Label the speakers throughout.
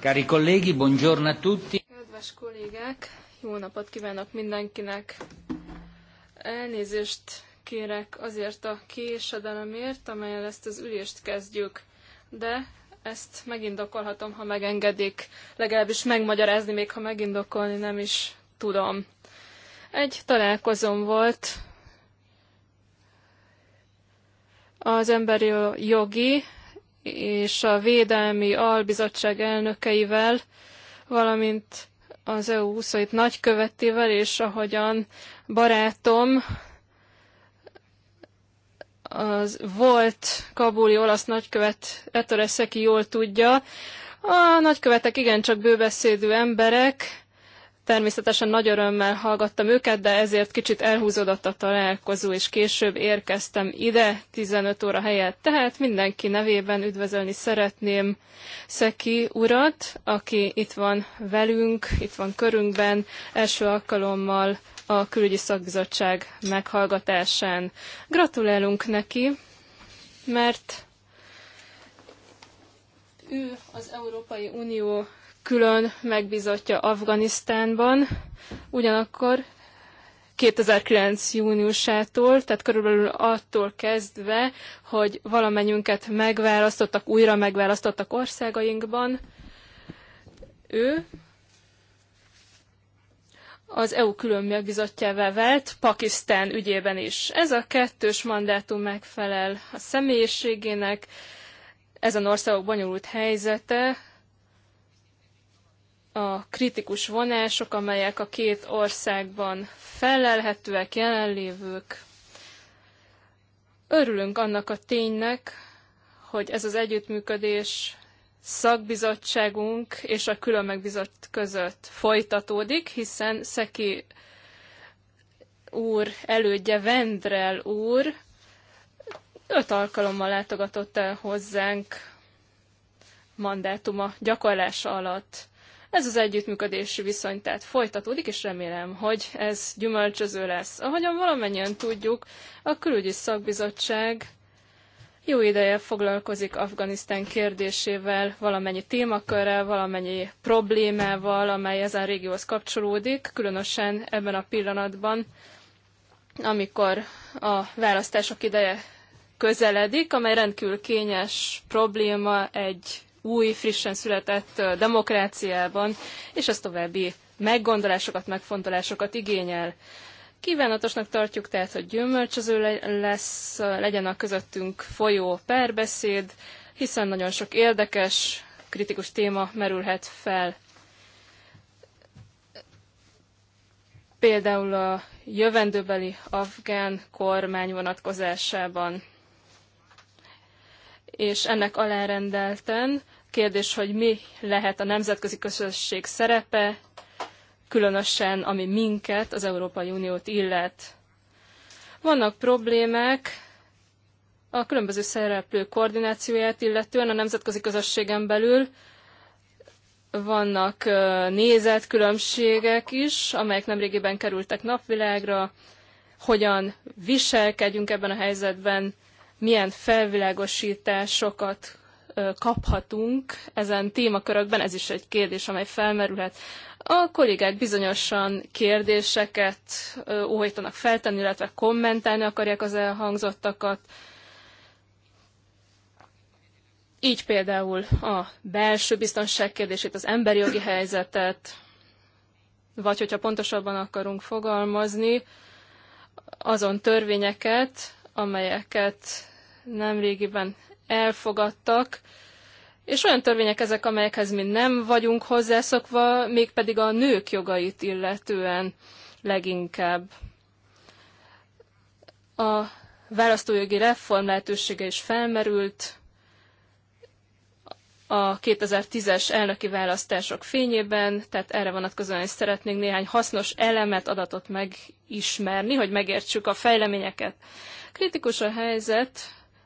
Speaker 1: Cari colleghi, buongiorno a tutti.
Speaker 2: Kedves kollégák, jó napot kívánok mindenkinek. Elnézést kérek azért a késedelemért, amelyel ezt az ülést kezdjük, de ezt megindokolhatom, ha megengedik, legalábbis megmagyarázni, még ha megindokolni nem is tudom. Egy találkozom volt az emberi jogi és a Védelmi Albizottság elnökeivel, valamint az EU 27 nagykövetével, és ahogyan barátom, az volt kabuli olasz nagykövet Ettore Szeki jól tudja, a nagykövetek igencsak bőbeszédű emberek, Természetesen nagy örömmel hallgattam őket, de ezért kicsit elhúzódott a találkozó, és később érkeztem ide 15 óra helyett. Tehát mindenki nevében üdvözölni szeretném Szeki urat, aki itt van velünk, itt van körünkben, első alkalommal a külügyi szakbizottság meghallgatásán. Gratulálunk neki, mert ő az Európai Unió külön megbízottja Afganisztánban, ugyanakkor 2009. júniusától, tehát körülbelül attól kezdve, hogy valamennyünket megválasztottak, újra megválasztottak országainkban, ő az EU külön megbizotjává vált Pakisztán ügyében is. Ez a kettős mandátum megfelel a személyiségének, ezen országok bonyolult helyzete, a kritikus vonások, amelyek a két országban felelhetőek, jelenlévők. Örülünk annak a ténynek, hogy ez az együttműködés szakbizottságunk és a külön megbizott között folytatódik, hiszen Szeki úr elődje Vendrel úr öt alkalommal látogatott el hozzánk mandátuma gyakorlása alatt. Ez az együttműködési viszony tehát folytatódik, és remélem, hogy ez gyümölcsöző lesz. Ahogyan valamennyien tudjuk, a külügyi szakbizottság jó ideje foglalkozik Afganisztán kérdésével, valamennyi témakörrel, valamennyi problémával, amely ezen régióhoz kapcsolódik, különösen ebben a pillanatban, amikor a választások ideje közeledik, amely rendkívül kényes probléma egy új, frissen született demokráciában, és ez további meggondolásokat, megfontolásokat igényel. Kívánatosnak tartjuk tehát, hogy gyümölcsöző lesz, legyen a közöttünk folyó párbeszéd, hiszen nagyon sok érdekes, kritikus téma merülhet fel. Például a jövendőbeli afgán kormány vonatkozásában és ennek alárendelten Kérdés, hogy mi lehet a nemzetközi közösség szerepe, különösen ami minket, az Európai Uniót illet. Vannak problémák a különböző szereplők koordinációját illetően a nemzetközi közösségen belül, vannak nézetkülönbségek is, amelyek nemrégiben kerültek napvilágra, hogyan viselkedjünk ebben a helyzetben, milyen felvilágosításokat kaphatunk ezen témakörökben, ez is egy kérdés, amely felmerülhet. A kollégák bizonyosan kérdéseket óhajtanak feltenni, illetve kommentálni akarják az elhangzottakat. Így például a belső biztonság kérdését, az emberi jogi helyzetet, vagy hogyha pontosabban akarunk fogalmazni, azon törvényeket, amelyeket nemrégiben elfogadtak, és olyan törvények ezek, amelyekhez mi nem vagyunk hozzászokva, mégpedig a nők jogait illetően leginkább. A választójogi reform lehetősége is felmerült a 2010-es elnöki választások fényében, tehát erre vonatkozóan is szeretnénk néhány hasznos elemet, adatot megismerni, hogy megértsük a fejleményeket. Kritikus a helyzet,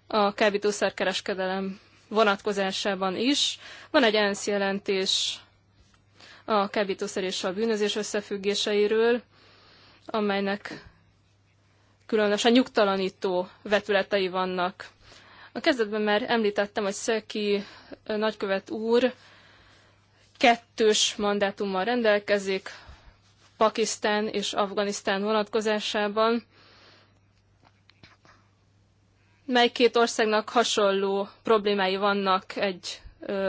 Speaker 2: a kábítószerkereskedelem vonatkozásában is. Van egy ENSZ jelentés a kábítószer és a bűnözés összefüggéseiről, amelynek különösen nyugtalanító vetületei vannak. A kezdetben már említettem, hogy Szeki nagykövet úr kettős mandátummal rendelkezik, Pakisztán és Afganisztán vonatkozásában mely két országnak hasonló problémái vannak egy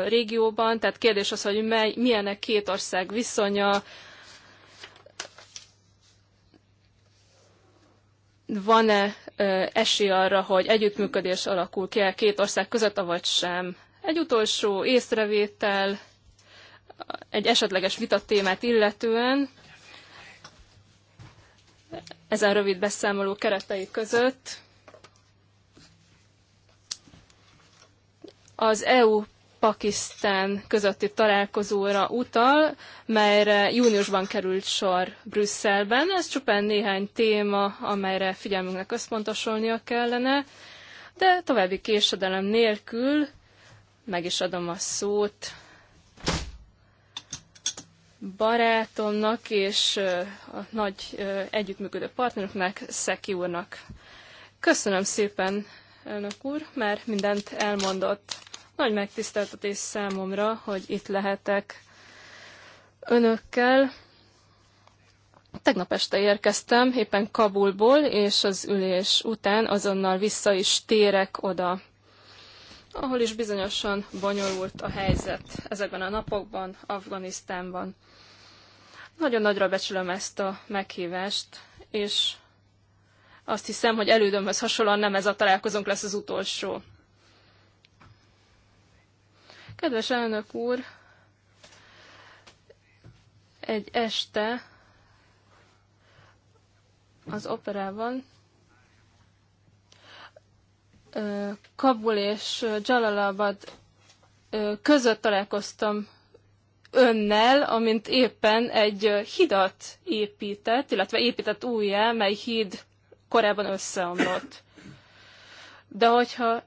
Speaker 2: régióban, tehát kérdés az, hogy mely, milyenek két ország viszonya, van-e esély arra, hogy együttműködés alakul ki -e két ország között, avagy sem. Egy utolsó észrevétel, egy esetleges vitatémát illetően, ezen rövid beszámoló keretei között az EU Pakisztán közötti találkozóra utal, melyre júniusban került sor Brüsszelben. Ez csupán néhány téma, amelyre figyelmünknek összpontosulnia kellene, de további késedelem nélkül meg is adom a szót barátomnak és a nagy együttműködő partnerünknek, Szeki úrnak. Köszönöm szépen, elnök úr, mert mindent elmondott. Nagy megtiszteltetés számomra, hogy itt lehetek önökkel. Tegnap este érkeztem, éppen Kabulból, és az ülés után azonnal vissza is térek oda ahol is bizonyosan bonyolult a helyzet ezekben a napokban, Afganisztánban. Nagyon nagyra becsülöm ezt a meghívást, és azt hiszem, hogy elődömhöz hasonlóan nem ez a találkozónk lesz az utolsó. Kedves elnök úr, egy este az operában Kabul és Jalalabad között találkoztam önnel, amint éppen egy hidat épített, illetve épített újjá, mely híd korábban összeomlott. De hogyha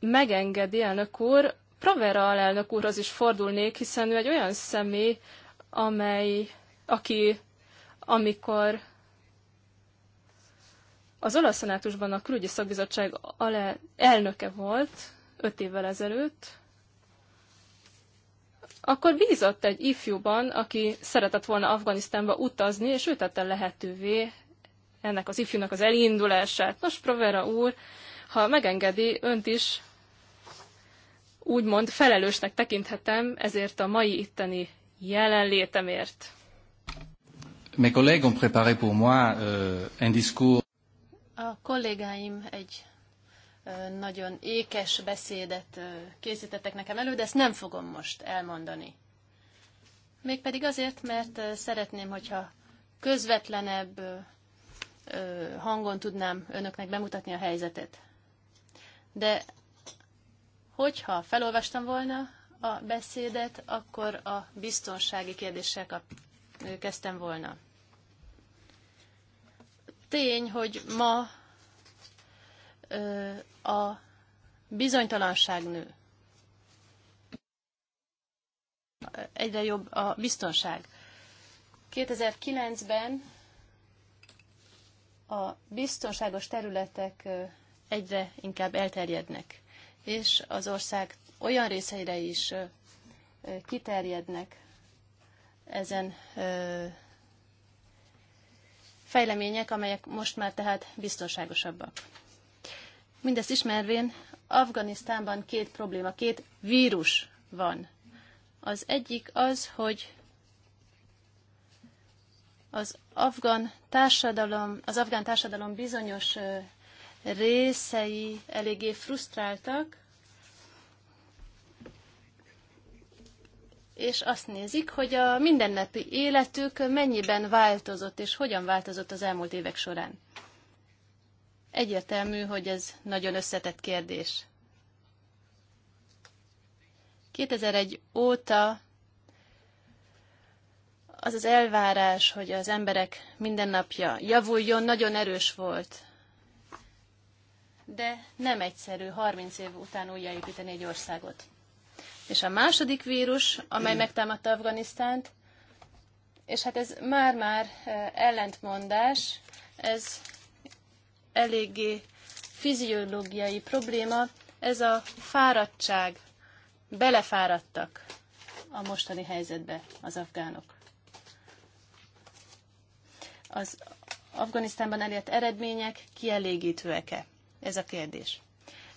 Speaker 2: megengedi elnök úr, Provera alelnök úrhoz is fordulnék, hiszen ő egy olyan személy, amely, aki amikor az olasz szenátusban a külügyi szakbizottság ale, elnöke volt öt évvel ezelőtt, akkor bízott egy ifjúban, aki szeretett volna Afganisztánba utazni, és ő tette lehetővé ennek az ifjúnak az elindulását. Nos, Provera úr, ha megengedi, önt is úgymond felelősnek tekinthetem ezért a mai itteni jelenlétemért.
Speaker 1: Mes collègues ont préparé pour moi euh, un discours.
Speaker 3: A kollégáim egy nagyon ékes beszédet készítettek nekem elő, de ezt nem fogom most elmondani. Mégpedig azért, mert szeretném, hogyha közvetlenebb hangon tudnám önöknek bemutatni a helyzetet. De hogyha felolvastam volna a beszédet, akkor a biztonsági kérdéssel kap, kezdtem volna. Tény, hogy ma ö, a bizonytalanság nő. Egyre jobb a biztonság. 2009-ben a biztonságos területek egyre inkább elterjednek, és az ország olyan részeire is kiterjednek ezen fejlemények, amelyek most már tehát biztonságosabbak. Mindezt ismervén, Afganisztánban két probléma, két vírus van. Az egyik az, hogy az afgán társadalom, az afgán társadalom bizonyos részei eléggé frusztráltak, és azt nézik, hogy a mindennapi életük mennyiben változott, és hogyan változott az elmúlt évek során. Egyértelmű, hogy ez nagyon összetett kérdés. 2001 óta az az elvárás, hogy az emberek mindennapja javuljon, nagyon erős volt. De nem egyszerű 30 év után újjáépíteni egy országot. És a második vírus, amely megtámadta Afganisztánt, és hát ez már-már e, ellentmondás, ez eléggé fiziológiai probléma, ez a fáradtság. Belefáradtak a mostani helyzetbe az afgánok az Afganisztánban elért eredmények kielégítőek-e? Ez a kérdés.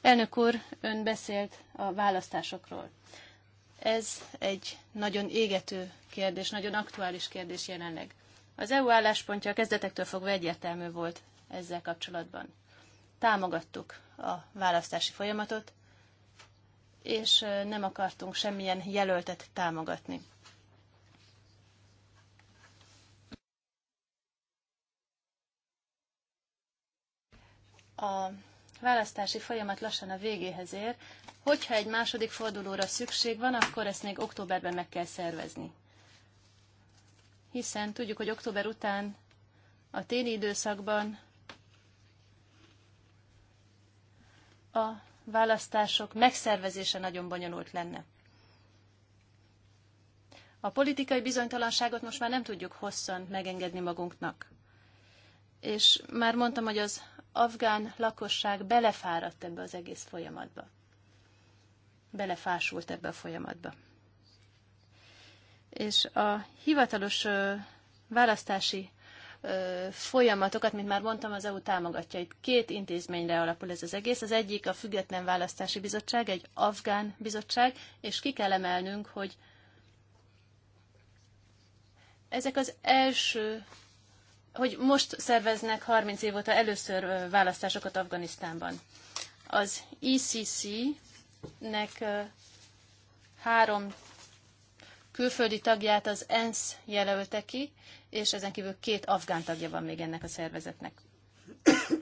Speaker 3: Elnök úr, ön beszélt a választásokról. Ez egy nagyon égető kérdés, nagyon aktuális kérdés jelenleg. Az EU álláspontja a kezdetektől fogva egyértelmű volt ezzel kapcsolatban. Támogattuk a választási folyamatot, és nem akartunk semmilyen jelöltet támogatni. a választási folyamat lassan a végéhez ér. Hogyha egy második fordulóra szükség van, akkor ezt még októberben meg kell szervezni. Hiszen tudjuk, hogy október után a téli időszakban a választások megszervezése nagyon bonyolult lenne. A politikai bizonytalanságot most már nem tudjuk hosszan megengedni magunknak. És már mondtam, hogy az afgán lakosság belefáradt ebbe az egész folyamatba. Belefásult ebbe a folyamatba. És a hivatalos választási folyamatokat, mint már mondtam, az EU támogatja. Itt két intézményre alapul ez az egész. Az egyik a Független Választási Bizottság, egy afgán bizottság, és ki kell emelnünk, hogy ezek az első hogy most szerveznek 30 év óta először választásokat Afganisztánban. Az ICC-nek e három külföldi tagját az ENSZ jelölte ki, és ezen kívül két afgán tagja van még ennek a szervezetnek.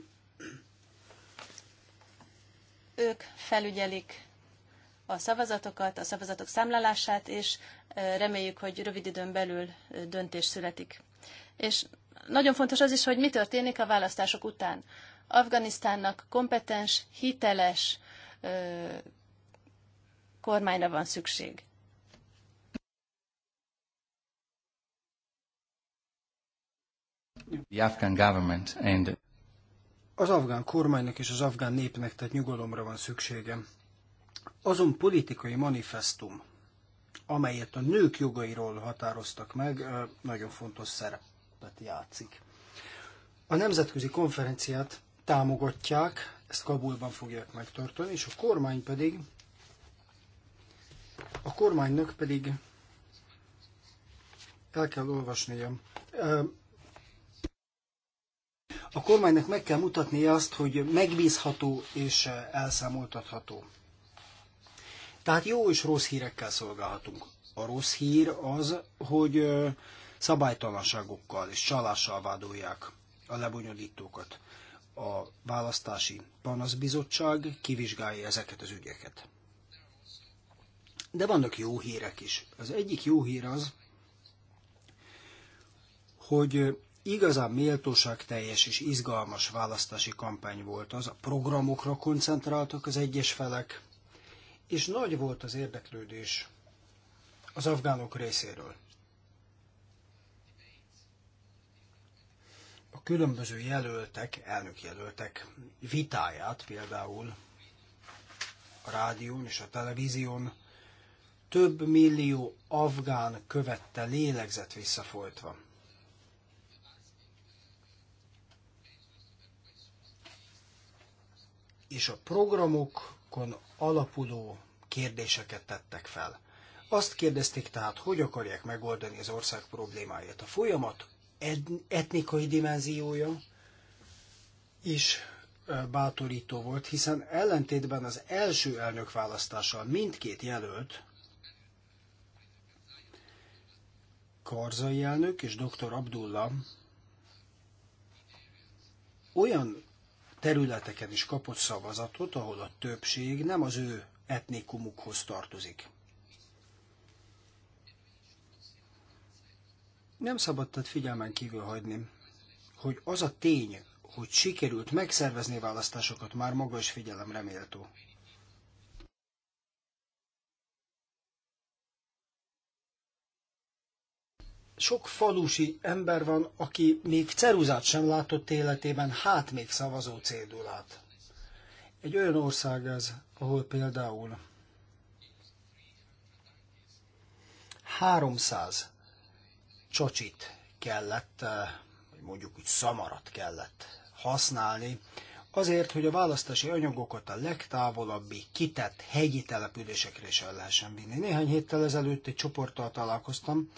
Speaker 3: Ők felügyelik a szavazatokat, a szavazatok számlálását, és reméljük, hogy rövid időn belül döntés születik. És nagyon fontos az is, hogy mi történik a választások után. Afganisztánnak kompetens, hiteles ö, kormányra van szükség.
Speaker 4: The Afghan government and
Speaker 1: az afgán kormánynak és az afgán népnek tehát nyugalomra van szüksége. Azon politikai manifestum, amelyet a nők jogairól határoztak meg, nagyon fontos szerep szerepet játszik. A nemzetközi konferenciát támogatják, ezt Kabulban fogják megtartani, és a kormány pedig, a kormánynak pedig el kell olvasni, A kormánynak meg kell mutatni azt, hogy megbízható és elszámoltatható. Tehát jó és rossz hírekkel szolgálhatunk. A rossz hír az, hogy szabálytalanságokkal és csalással vádolják a lebonyolítókat. A választási panaszbizottság kivizsgálja ezeket az ügyeket. De vannak jó hírek is. Az egyik jó hír az, hogy igazán teljes és izgalmas választási kampány volt az, a programokra koncentráltak az egyes felek, és nagy volt az érdeklődés az afgánok részéről. a különböző jelöltek, jelöltek vitáját például a rádión és a televízión több millió afgán követte lélegzet visszafolytva. És a programokon alapuló kérdéseket tettek fel. Azt kérdezték tehát, hogy akarják megoldani az ország problémáját. A folyamat etnikai dimenziója is bátorító volt, hiszen ellentétben az első elnökválasztással mindkét jelölt, Karzai elnök és dr. Abdullah olyan területeken is kapott szavazatot, ahol a többség nem az ő etnikumukhoz tartozik. Nem szabadtad figyelmen kívül hagyni, hogy az a tény, hogy sikerült megszervezni választásokat, már maga is figyelemre méltó. Sok falusi ember van, aki még ceruzát sem látott életében, hát még szavazó cédulát. Egy olyan ország ez, ahol például 300 csocsit kellett, eh, mondjuk úgy szamarat kellett használni, azért, hogy a választási anyagokat a legtávolabbi kitett hegyi településekre is el lehessen vinni. Néhány héttel ezelőtt egy csoporttal találkoztam,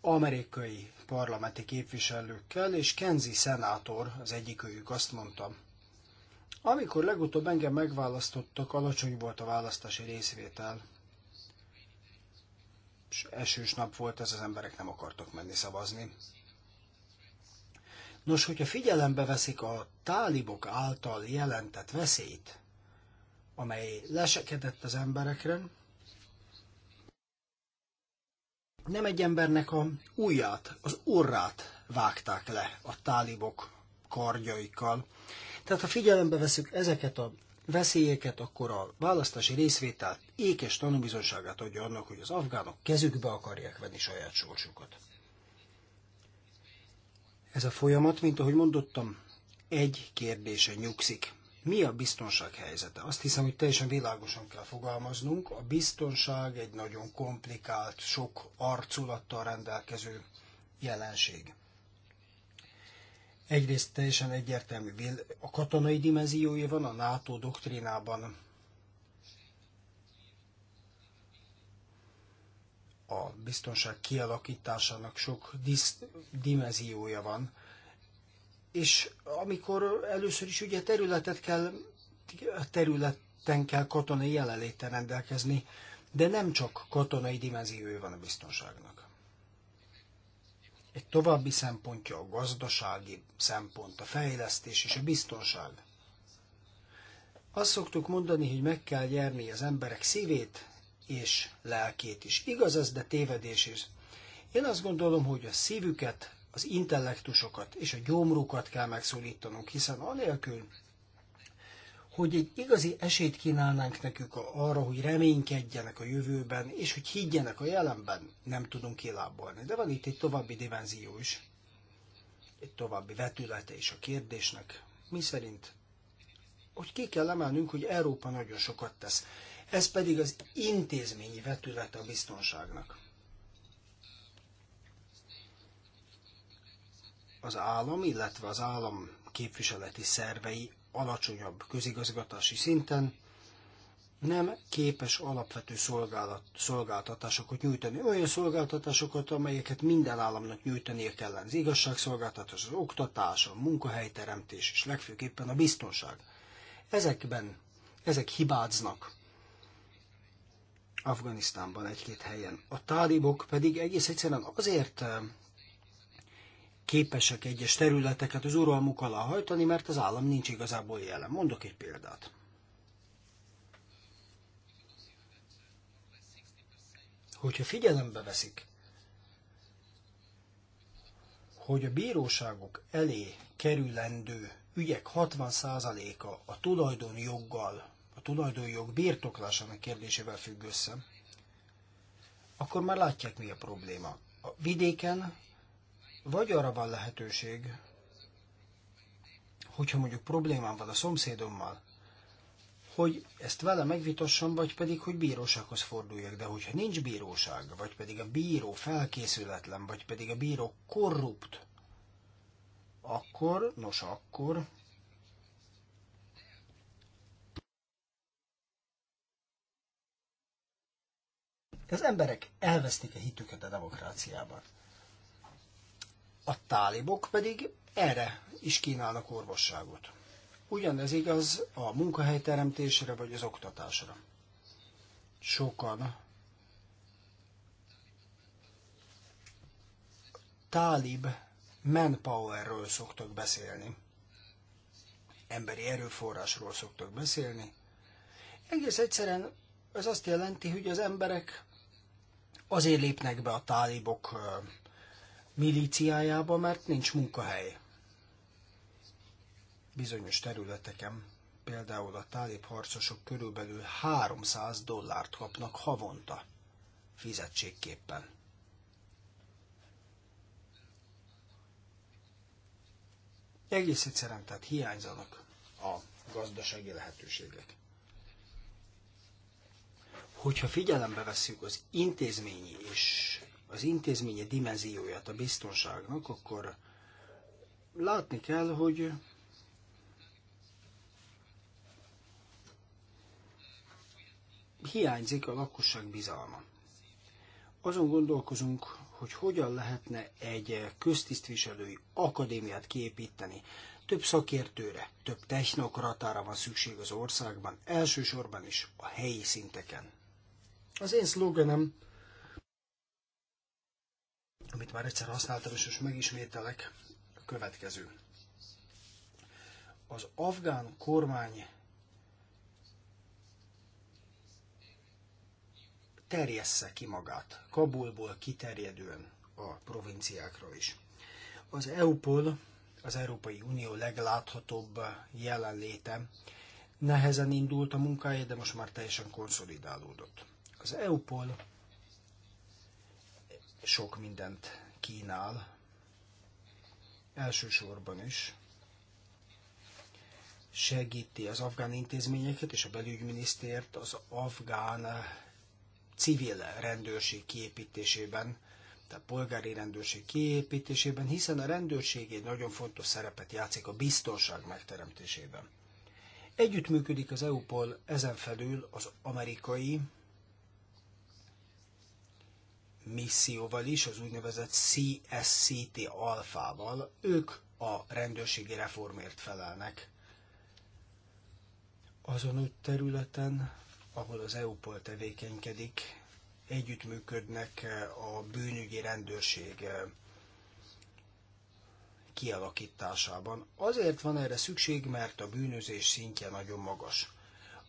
Speaker 1: amerikai parlamenti képviselőkkel, és Kenzi szenátor, az egyikőjük azt mondta, amikor legutóbb engem megválasztottak, alacsony volt a választási részvétel esős nap volt, ez az emberek nem akartak menni szavazni. Nos, hogyha figyelembe veszik a tálibok által jelentett veszélyt, amely lesekedett az emberekre, nem egy embernek a ujját, az orrát vágták le a tálibok kardjaikkal. Tehát ha figyelembe veszük ezeket a veszélyeket, akkor a választási részvétel ékes tanúbizonságát adja annak, hogy az afgánok kezükbe akarják venni saját sorsukat. Ez a folyamat, mint ahogy mondottam, egy kérdése nyugszik. Mi a biztonság helyzete? Azt hiszem, hogy teljesen világosan kell fogalmaznunk. A biztonság egy nagyon komplikált, sok arculattal rendelkező jelenség. Egyrészt teljesen egyértelmű a katonai dimenziója van a NATO doktrínában. A biztonság kialakításának sok dimenziója van. És amikor először is ugye területet kell, területen kell katonai jelenléten rendelkezni, de nem csak katonai dimenziója van a biztonságnak. Egy további szempontja a gazdasági szempont, a fejlesztés és a biztonság. Azt szoktuk mondani, hogy meg kell gyerni az emberek szívét és lelkét is. Igaz ez, de tévedés is. Én azt gondolom, hogy a szívüket, az intellektusokat és a gyomrukat kell megszólítanunk, hiszen anélkül, hogy egy igazi esélyt kínálnánk nekük arra, hogy reménykedjenek a jövőben, és hogy higgyenek a jelenben, nem tudunk kilábolni. De van itt egy további dimenzió is, egy további vetülete is a kérdésnek, mi szerint, hogy ki kell emelnünk, hogy Európa nagyon sokat tesz. Ez pedig az intézményi vetülete a biztonságnak. Az állam, illetve az állam képviseleti szervei alacsonyabb közigazgatási szinten nem képes alapvető szolgálat, szolgáltatásokat nyújtani. Olyan szolgáltatásokat, amelyeket minden államnak nyújtania kellene. Az igazságszolgáltatás, az oktatás, a munkahelyteremtés és legfőképpen a biztonság. Ezekben, ezek hibáznak. Afganisztánban egy-két helyen. A tálibok pedig egész egyszerűen azért képesek egyes területeket az uralmuk alá hajtani, mert az állam nincs igazából jelen. Mondok egy példát. Hogyha figyelembe veszik, hogy a bíróságok elé kerülendő ügyek 60%-a a tulajdonjoggal, a tulajdonjog birtoklásának kérdésével függ össze, akkor már látják, mi a probléma. A vidéken vagy arra van lehetőség, hogyha mondjuk problémám van a szomszédommal, hogy ezt vele megvitassam, vagy pedig, hogy bírósághoz forduljak. De hogyha nincs bíróság, vagy pedig a bíró felkészületlen, vagy pedig a bíró korrupt, akkor, nos akkor, az emberek elvesztik a hitüket a demokráciában. A tálibok pedig erre is kínálnak orvosságot. Ugyanez igaz a munkahelyteremtésre vagy az oktatásra. Sokan tálib manpowerről szoktak beszélni. Emberi erőforrásról szoktak beszélni. Egész egyszerűen ez azt jelenti, hogy az emberek azért lépnek be a tálibok milíciájába, mert nincs munkahely. Bizonyos területeken, például a tálib harcosok körülbelül 300 dollárt kapnak havonta fizetségképpen. Egész egyszerűen tehát hiányzanak a gazdasági lehetőségek. Hogyha figyelembe veszük az intézményi és az intézménye dimenzióját a biztonságnak, akkor látni kell, hogy hiányzik a lakosság bizalma. Azon gondolkozunk, hogy hogyan lehetne egy köztisztviselői akadémiát kiépíteni. Több szakértőre, több technokratára van szükség az országban, elsősorban is a helyi szinteken. Az én szlogenem amit már egyszer használtam, és most megismételek, a következő. Az afgán kormány terjessze ki magát, Kabulból kiterjedően a provinciákra is. Az EUPOL, az Európai Unió legláthatóbb jelenléte, nehezen indult a munkája, de most már teljesen konszolidálódott. Az EUPOL sok mindent kínál, elsősorban is segíti az afgán intézményeket és a belügyminisztért az afgán civil rendőrség kiépítésében, tehát polgári rendőrség kiépítésében, hiszen a rendőrség egy nagyon fontos szerepet játszik a biztonság megteremtésében. Együttműködik az EUPOL ezen felül az amerikai misszióval is, az úgynevezett CSCT alfával. Ők a rendőrségi reformért felelnek. Azon úgy területen, ahol az EUPOL tevékenykedik, együttműködnek eh, a bűnügyi rendőrség eh, kialakításában. Azért van erre szükség, mert a bűnözés szintje nagyon magas.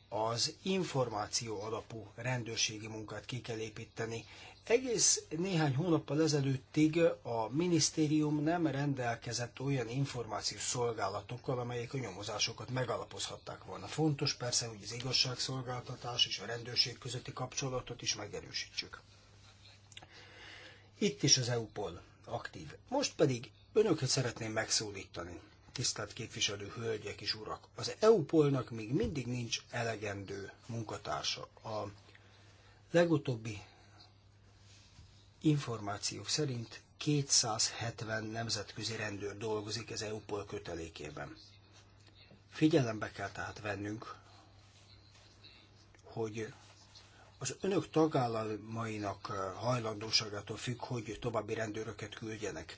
Speaker 1: Az információ alapú rendőrségi munkát ki kell építeni, egész néhány hónappal ezelőttig a minisztérium nem rendelkezett olyan információs szolgálatokkal, amelyek a nyomozásokat megalapozhatták volna. Fontos persze, hogy az igazságszolgáltatás és a rendőrség közötti kapcsolatot is megerősítsük. Itt is az EUPOL aktív. Most pedig önöket szeretném megszólítani, tisztelt képviselő hölgyek és urak. Az eu még mindig nincs elegendő munkatársa. A legutóbbi Információk szerint 270 nemzetközi rendőr dolgozik az EUPOL kötelékében. Figyelembe kell tehát vennünk, hogy az önök tagállamainak eh, hajlandóságától függ, hogy további rendőröket küldjenek.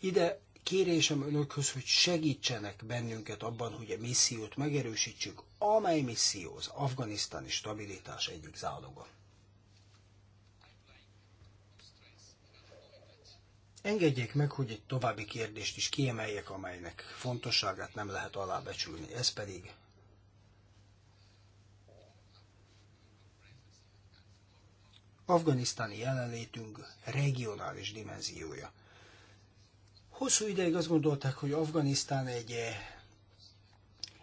Speaker 1: Ide kérésem önökhöz, hogy segítsenek bennünket abban, hogy a missziót megerősítsük, amely misszió az afganisztáni stabilitás egyik záloga. Engedjék meg, hogy egy további kérdést is kiemeljek, amelynek fontosságát nem lehet alábecsülni. Ez pedig afganisztáni jelenlétünk regionális dimenziója. Hosszú ideig azt gondolták, hogy Afganisztán egy eh,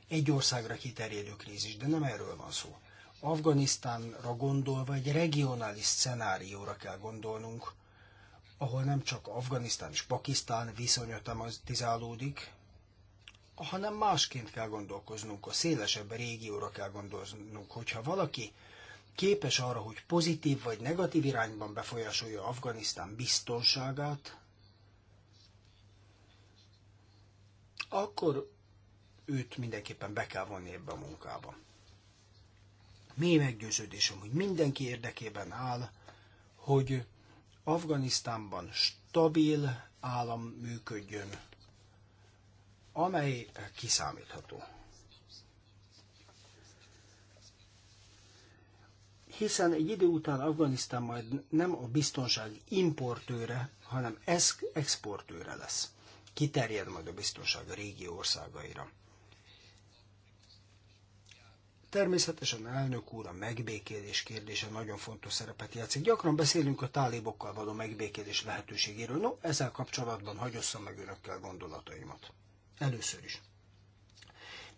Speaker 1: egy országra kiterjedő krízis, de nem erről van szó. Afganisztánra gondolva egy regionális szenárióra kell gondolnunk, ahol nem csak Afganisztán és Pakisztán viszonya tematizálódik, hanem másként kell gondolkoznunk, a szélesebb régióra kell gondolnunk. Hogyha valaki képes arra, hogy pozitív vagy negatív irányban befolyásolja Afganisztán biztonságát, akkor őt mindenképpen be kell vonni ebbe a munkába. Mély meggyőződésem, hogy mindenki érdekében áll, hogy Afganisztánban stabil állam működjön, amely kiszámítható. Hiszen egy idő után Afganisztán majd nem a biztonság importőre, hanem exportőre lesz. Kiterjed majd a biztonság a régi országaira. Természetesen elnök úr a megbékélés kérdése nagyon fontos szerepet játszik. Gyakran beszélünk a tálibokkal való megbékélés lehetőségéről. No, ezzel kapcsolatban hagyosszam meg önökkel gondolataimat. Először is.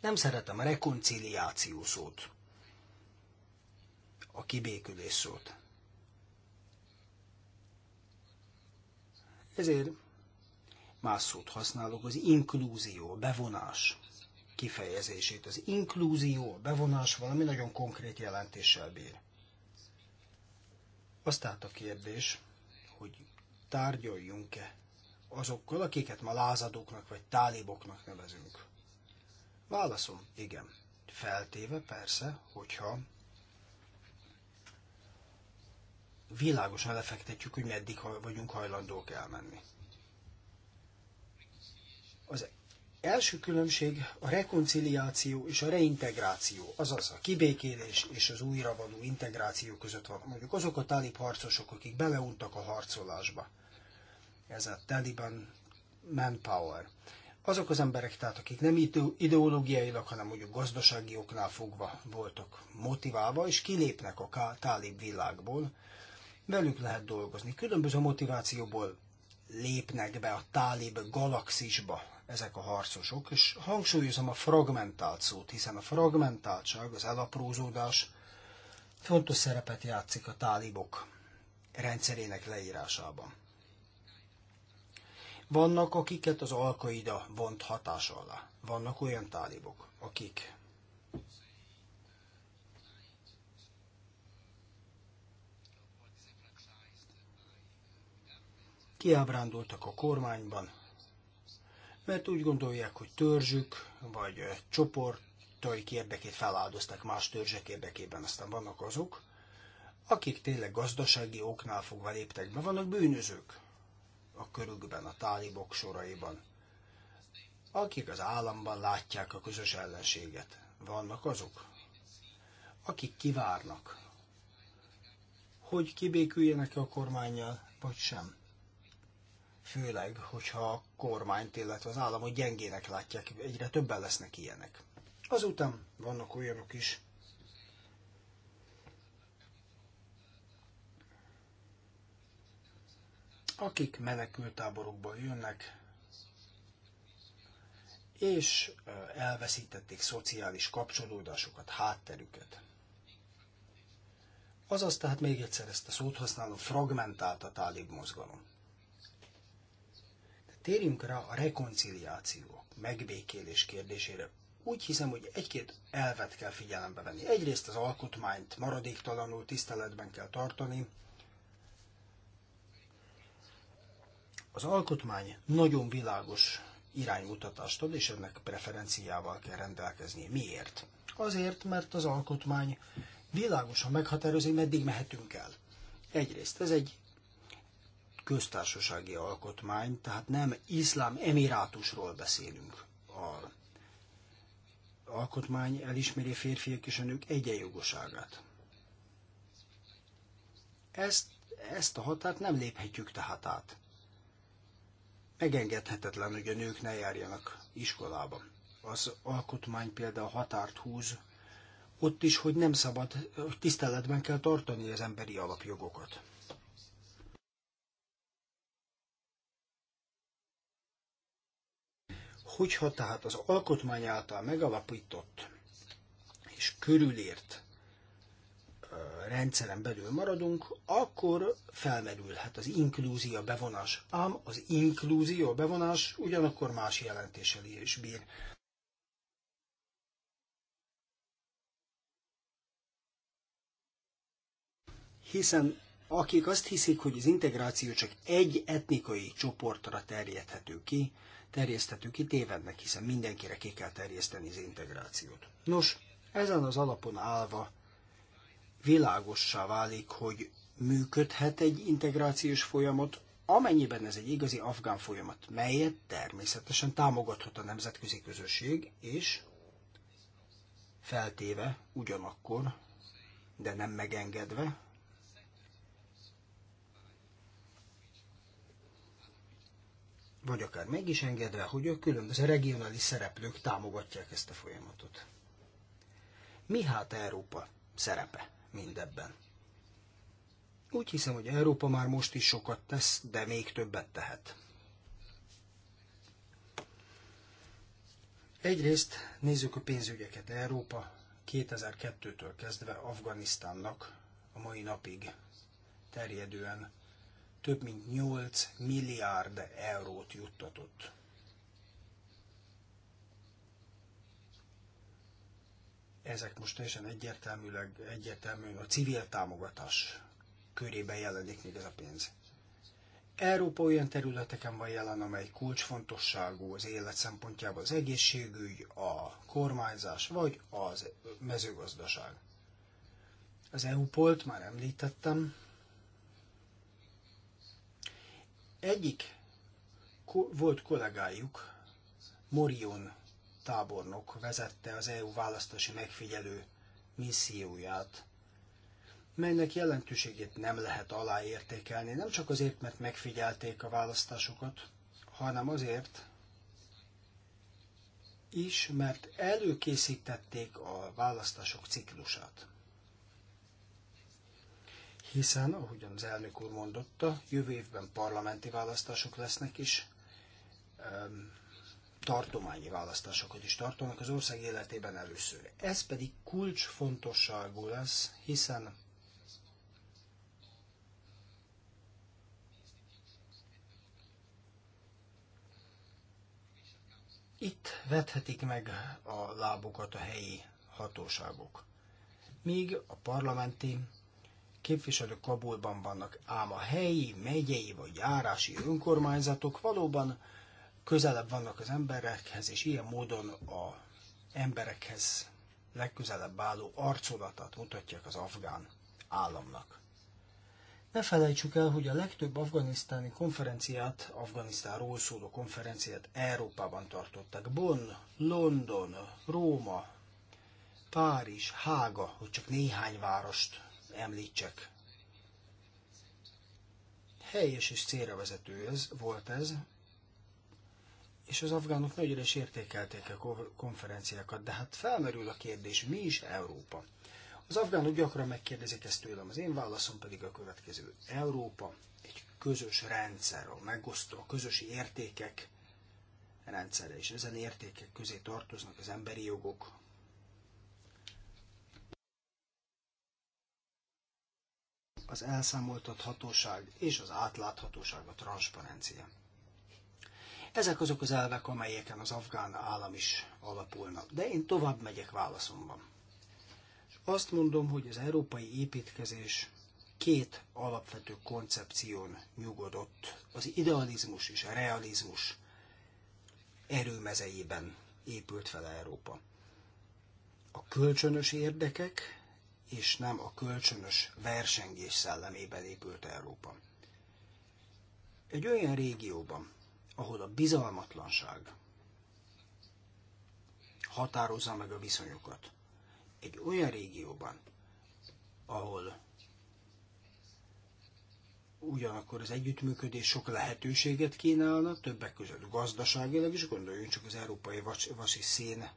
Speaker 1: Nem szeretem a rekonciliáció szót, a kibékülés szót. Ezért más szót használok, az inklúzió, a bevonás kifejezését. Az inkluzió, a bevonás valami nagyon konkrét jelentéssel bír. Azt tehát a kérdés, hogy tárgyaljunk-e azokkal, akiket ma lázadóknak vagy táliboknak nevezünk. Válaszom, igen. Feltéve persze, hogyha világosan lefektetjük, hogy meddig vagyunk hajlandók elmenni. Az Első különbség a rekonciliáció és a reintegráció, azaz a kibékélés és az újra való integráció között van. Mondjuk azok a talib harcosok, akik beleuntak a harcolásba. Ez a taliban manpower. Azok az emberek, tehát akik nem ideológiailag, hanem mondjuk gazdasági oknál fogva voltak motiválva, és kilépnek a tálib világból, velük lehet dolgozni. Különböző motivációból lépnek be a tálib galaxisba, ezek a harcosok, és hangsúlyozom a fragmentált szót, hiszen a fragmentáltság, az elaprózódás fontos szerepet játszik a tálibok rendszerének leírásában. Vannak, akiket az alkaida vont hatás alá. Vannak olyan tálibok, akik kiábrándultak a kormányban, mert úgy gondolják, hogy törzsük vagy eh, csoportaik érdekét feláldozták más törzsek érdekében. Aztán vannak azok, akik tényleg gazdasági oknál fogva léptek be, vannak bűnözők a körükben, a tálibok soraiban, akik az államban látják a közös ellenséget. Vannak azok, akik kivárnak, hogy kibéküljenek -e a kormányjal, vagy sem főleg, hogyha a kormányt, illetve az államot gyengének látják, egyre többen lesznek ilyenek. Azután vannak olyanok is, akik menekültáborokba jönnek, és elveszítették szociális kapcsolódásukat, hátterüket. Azaz tehát még egyszer ezt a szót használom, fragmentált a tálib mozgalom. Térjünk rá a rekonciliáció, megbékélés kérdésére. Úgy hiszem, hogy egy-két elvet kell figyelembe venni. Egyrészt az alkotmányt maradéktalanul tiszteletben kell tartani. Az alkotmány nagyon világos iránymutatást ad, és ennek preferenciával kell rendelkezni. Miért? Azért, mert az alkotmány világosan meghatározza, meddig mehetünk el. Egyrészt ez egy köztársasági alkotmány, tehát nem iszlám emirátusról beszélünk. A alkotmány elismeri férfiak és a nők egyenjogoságát. Ezt, ezt a határt nem léphetjük tehát át. Megengedhetetlen, hogy a nők ne járjanak iskolába. Az alkotmány például határt húz ott is, hogy nem szabad, tiszteletben kell tartani az emberi alapjogokat. Hogyha tehát az alkotmány által megalapított és körülért rendszeren belül maradunk, akkor felmerülhet az inklúzió bevonás. Ám az inklúzió bevonás ugyanakkor más jelentéssel is bír. Hiszen akik azt hiszik, hogy az integráció csak egy etnikai csoportra terjedhető ki, terjeszthető ki, tévednek, hiszen mindenkire ki kell terjeszteni az integrációt. Nos, ezen az alapon állva világossá válik, hogy működhet egy integrációs folyamat, amennyiben ez egy igazi afgán folyamat, melyet természetesen támogathat a nemzetközi közösség, és feltéve ugyanakkor, de nem megengedve, vagy akár meg is engedve, hogy a különböző regionális szereplők támogatják ezt a folyamatot. Mi hát Európa szerepe mindebben? Úgy hiszem, hogy Európa már most is sokat tesz, de még többet tehet. Egyrészt nézzük a pénzügyeket. Európa 2002-től kezdve Afganisztánnak a mai napig terjedően több mint 8 milliárd eurót juttatott. Ezek most teljesen egyértelműleg, egyértelmű a civil támogatás körében jelenik még ez a pénz. Európa olyan területeken van jelen, amely kulcsfontosságú az élet szempontjából az egészségügy, a kormányzás vagy az mezőgazdaság. Az EU-polt már említettem, Egyik volt kollégájuk, Morion tábornok vezette az EU választási megfigyelő misszióját, melynek jelentőségét nem lehet aláértékelni, nem csak azért, mert megfigyelték a választásokat, hanem azért is, mert előkészítették a választások ciklusát hiszen, ahogyan az elnök úr mondotta, jövő évben parlamenti választások lesznek is, tartományi választásokat is tartanak az ország életében először. Ez pedig kulcsfontosságú lesz, hiszen itt vethetik meg a lábukat a helyi hatóságok. Míg a parlamenti képviselők Kabulban vannak, ám a helyi, megyei vagy járási önkormányzatok valóban közelebb vannak az emberekhez, és ilyen módon a emberekhez legközelebb álló arculatát mutatják az afgán államnak. Ne felejtsük el, hogy a legtöbb afganisztáni konferenciát, Afganisztánról szóló konferenciát Európában tartották. Bonn, London, Róma, Párizs, Hága, hogy csak néhány várost említsek. Helyes és célra vezető ez, volt ez, és az afgánok nagyon is értékelték a konferenciákat, de hát felmerül a kérdés, mi is Európa? Az afgánok gyakran megkérdezik ezt tőlem, az én válaszom pedig a következő. Európa egy közös rendszer, a megosztó, a közös értékek rendszere, és ezen értékek közé tartoznak az emberi jogok, az elszámoltathatóság és az átláthatóság, a transzparencia. Ezek azok az elvek, amelyeken az afgán állam is alapulna. De én tovább megyek válaszomban. És azt mondom, hogy az európai építkezés két alapvető koncepción nyugodott. Az idealizmus és a realizmus erőmezeiben épült fel Európa. A kölcsönös érdekek és nem a kölcsönös versengés szellemében épült Európa. Egy olyan régióban, ahol a bizalmatlanság határozza meg a viszonyokat. Egy olyan régióban, ahol ugyanakkor az együttműködés sok lehetőséget kínálna, többek között gazdaságilag is, gondoljunk csak az európai vas- vasi szén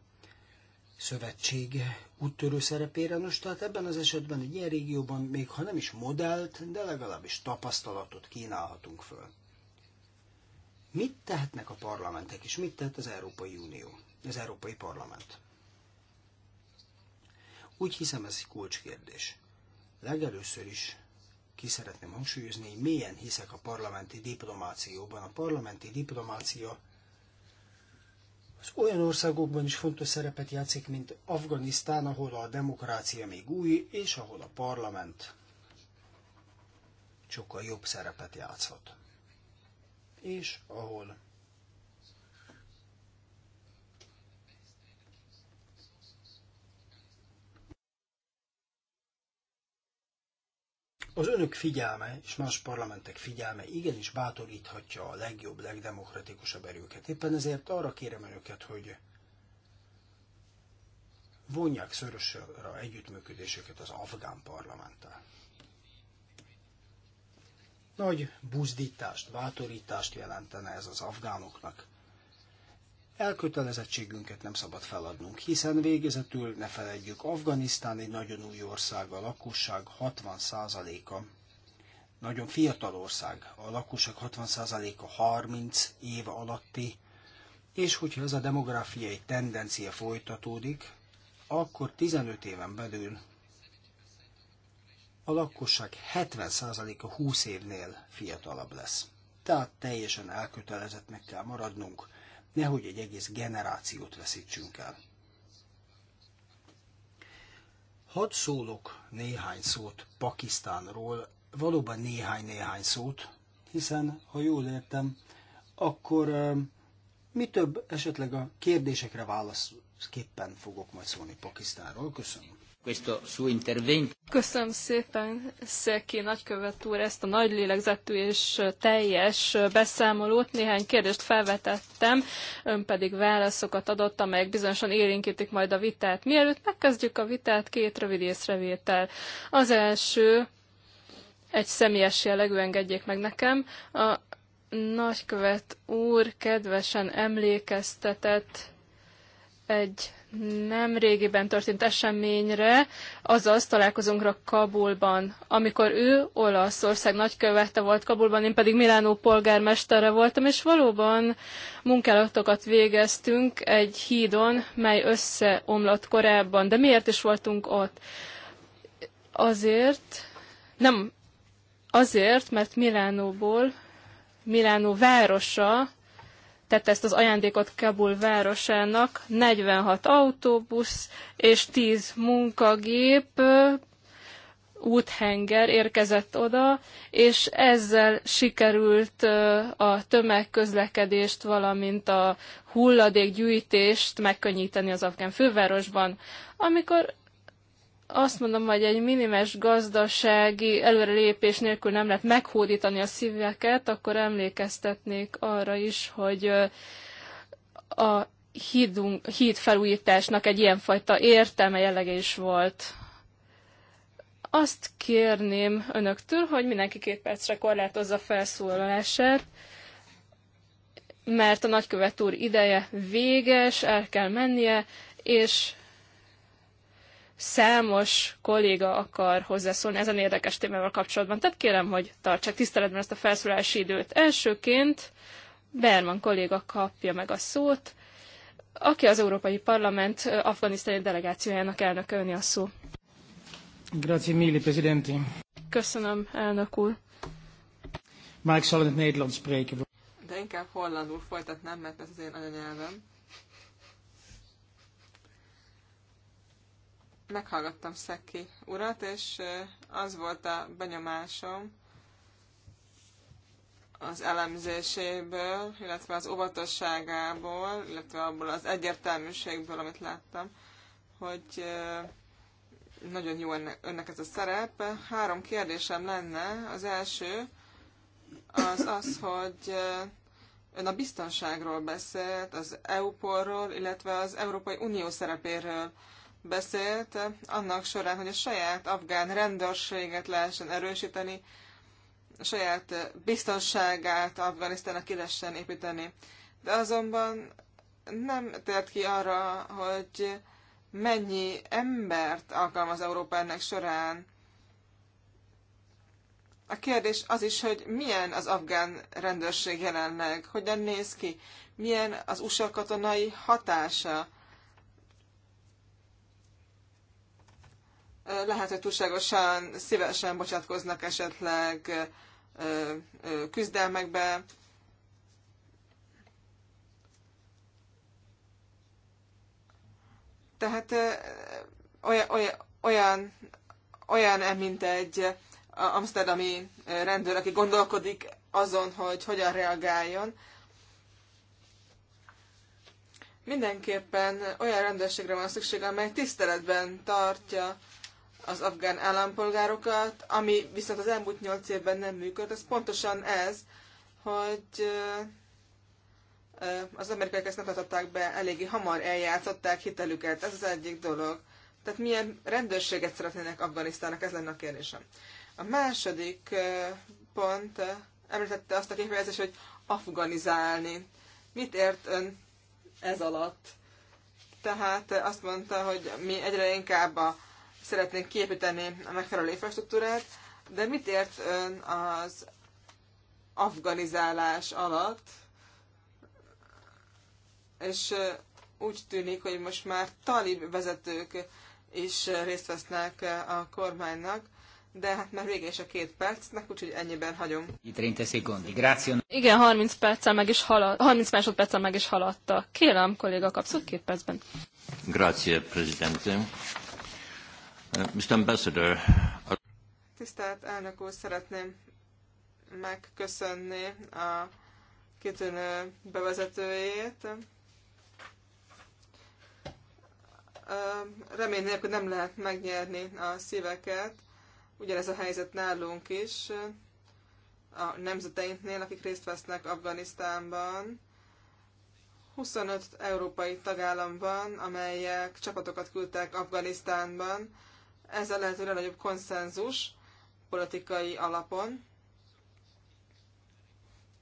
Speaker 1: szövetség úttörő szerepére. Nos, tehát ebben az esetben egy ilyen régióban, még ha nem is modellt, de legalábbis tapasztalatot kínálhatunk föl. Mit tehetnek a parlamentek, és mit tehet az Európai Unió, az Európai Parlament? Úgy hiszem, ez egy kulcskérdés. Legelőször is ki szeretném hangsúlyozni, hogy mélyen hiszek a parlamenti diplomációban. A parlamenti diplomácia az olyan országokban is fontos szerepet játszik, mint Afganisztán, ahol a demokrácia még új, és ahol a parlament sokkal jobb szerepet játszhat. És ahol Az önök figyelme és más parlamentek figyelme igenis bátoríthatja a legjobb, legdemokratikusabb erőket. Éppen ezért arra kérem önöket, hogy vonják szörösre együttműködésüket az afgán parlamenttel. Nagy buzdítást, bátorítást jelentene ez az afgánoknak, Elkötelezettségünket nem szabad feladnunk, hiszen végezetül ne felejtjük, Afganisztán egy nagyon új ország, a lakosság 60%-a nagyon fiatal ország, a lakosság 60%-a 30 év alatti, és hogyha ez a demográfiai tendencia folytatódik, akkor 15 éven belül a lakosság 70%-a 20 évnél fiatalabb lesz. Tehát teljesen elkötelezettnek kell maradnunk, nehogy egy egész generációt veszítsünk el. Hadd szólok néhány szót Pakisztánról, valóban néhány-néhány szót, hiszen, ha jól értem, akkor mi több esetleg a kérdésekre válaszképpen fogok majd szólni Pakisztánról. Köszönöm.
Speaker 2: Köszönöm szépen, Szeki nagykövet úr, ezt a nagy lélegzetű és teljes beszámolót. Néhány kérdést felvetettem, ön pedig válaszokat adott, amelyek bizonyosan élénkítik majd a vitát. Mielőtt megkezdjük a vitát, két rövid észrevétel. Az első, egy személyes jellegű engedjék meg nekem. A nagykövet úr kedvesen emlékeztetett egy nem régiben történt eseményre, azaz találkozunk Kabulban. Amikor ő Olaszország nagykövete volt Kabulban, én pedig Milánó polgármestere voltam, és valóban munkálatokat végeztünk egy hídon, mely összeomlott korábban. De miért is voltunk ott? Azért, nem, azért, mert Milánóból, Milánó városa tette ezt az ajándékot Kabul városának, 46 autóbusz és 10 munkagép úthenger érkezett oda, és ezzel sikerült a tömegközlekedést, valamint a hulladékgyűjtést megkönnyíteni az afgán fővárosban. Amikor azt mondom, hogy egy minimális gazdasági előrelépés nélkül nem lehet meghódítani a szíveket, akkor emlékeztetnék arra is, hogy a hídunk, híd felújításnak egy ilyenfajta értelme jellege is volt. Azt kérném önöktől, hogy mindenki két percre korlátozza felszólalását, mert a nagykövet úr ideje véges, el kell mennie, és számos kolléga akar hozzászólni ezen érdekes témával kapcsolatban. Tehát kérem, hogy tartsák tiszteletben ezt a felszólási időt. Elsőként Berman kolléga kapja meg a szót, aki az Európai Parlament afganisztáni delegációjának elnöke önni a szó.
Speaker 1: Grazie mille, Presidente.
Speaker 4: Köszönöm, elnök úr.
Speaker 1: Már ik zal in het spreken.
Speaker 4: De inkább hollandul folytatnám, mert ez az én anyanyelvem. meghallgattam Szeki urat, és az volt a benyomásom az elemzéséből, illetve az óvatosságából, illetve abból az egyértelműségből, amit láttam, hogy nagyon jó önnek, ez a szerep. Három kérdésem lenne. Az első az az, hogy ön a biztonságról beszélt, az EU-porról, illetve az Európai Unió szerepéről beszélt, annak során, hogy a saját afgán rendőrséget lehessen erősíteni, a saját biztonságát Afganisztának ki lehessen építeni. De azonban nem tért ki arra, hogy mennyi embert alkalmaz Európa ennek során. A kérdés az is, hogy milyen az afgán rendőrség jelenleg, hogyan néz ki, milyen az USA katonai hatása, lehet, hogy túlságosan szívesen bocsátkoznak esetleg küzdelmekbe. Tehát olyan, olyan, olyan, e, olyan mint egy amsterdami rendőr, aki gondolkodik azon, hogy hogyan reagáljon. Mindenképpen olyan rendőrségre van szükség, amely tiszteletben tartja az afgán állampolgárokat, ami viszont az elmúlt nyolc évben nem működött, az pontosan ez, hogy az amerikaiak ezt nem tartották be, eléggé hamar eljátszották hitelüket, ez az egyik dolog. Tehát milyen rendőrséget szeretnének Afganisztának, ez lenne a kérdésem. A második pont említette azt a kifejezés, hogy afganizálni. Mit ért ön ez alatt? Tehát azt mondta, hogy mi egyre inkább a szeretnék kiépíteni a megfelelő infrastruktúrát, de mit ért ön az afganizálás alatt? És úgy tűnik, hogy most már talib vezetők is részt vesznek a kormánynak, de hát már vége is a két percnek, úgyhogy ennyiben hagyom.
Speaker 1: 30 sekundi, grazie. Igen,
Speaker 2: 30 perccel meg is halad, 30 másodperccel meg is haladta.
Speaker 4: Kérem, kolléga, kapsz két percben.
Speaker 3: Grazie, presidente. Mr. Ambassador.
Speaker 4: Tisztelt elnök úr, szeretném megköszönni a kitűnő bevezetőjét. Remény nélkül nem lehet megnyerni a szíveket. Ugyanez a helyzet nálunk is, a nemzeteinknél, akik részt vesznek Afganisztánban. 25 európai tagállam van, amelyek csapatokat küldtek Afganisztánban, ez a lehető legnagyobb konszenzus politikai alapon.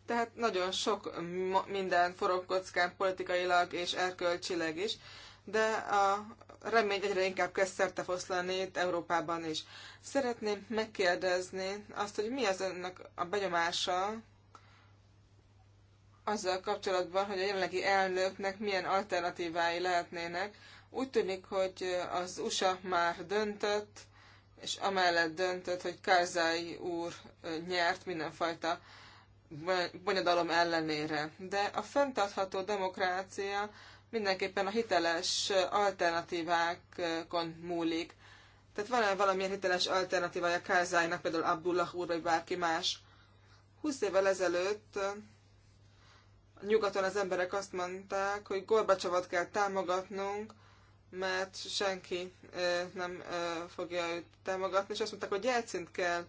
Speaker 4: Tehát nagyon sok minden forog kockán politikailag és erkölcsileg is, de a remény egyre inkább kezd foszlani itt Európában is. Szeretném megkérdezni azt, hogy mi az önnek a benyomása azzal kapcsolatban, hogy a jelenlegi elnöknek milyen alternatívái lehetnének úgy tűnik, hogy az USA már döntött, és amellett döntött, hogy Kázai úr nyert mindenfajta bonyodalom ellenére. De a fenntartható demokrácia mindenképpen a hiteles alternatívákon múlik. Tehát van-e valamilyen hiteles alternatívája Kázáinak, például Abdullah úr vagy bárki más? 20 évvel ezelőtt nyugaton az emberek azt mondták, hogy Gorbacsovat kell támogatnunk, mert senki nem fogja őt támogatni, és azt mondták, hogy jelcint kell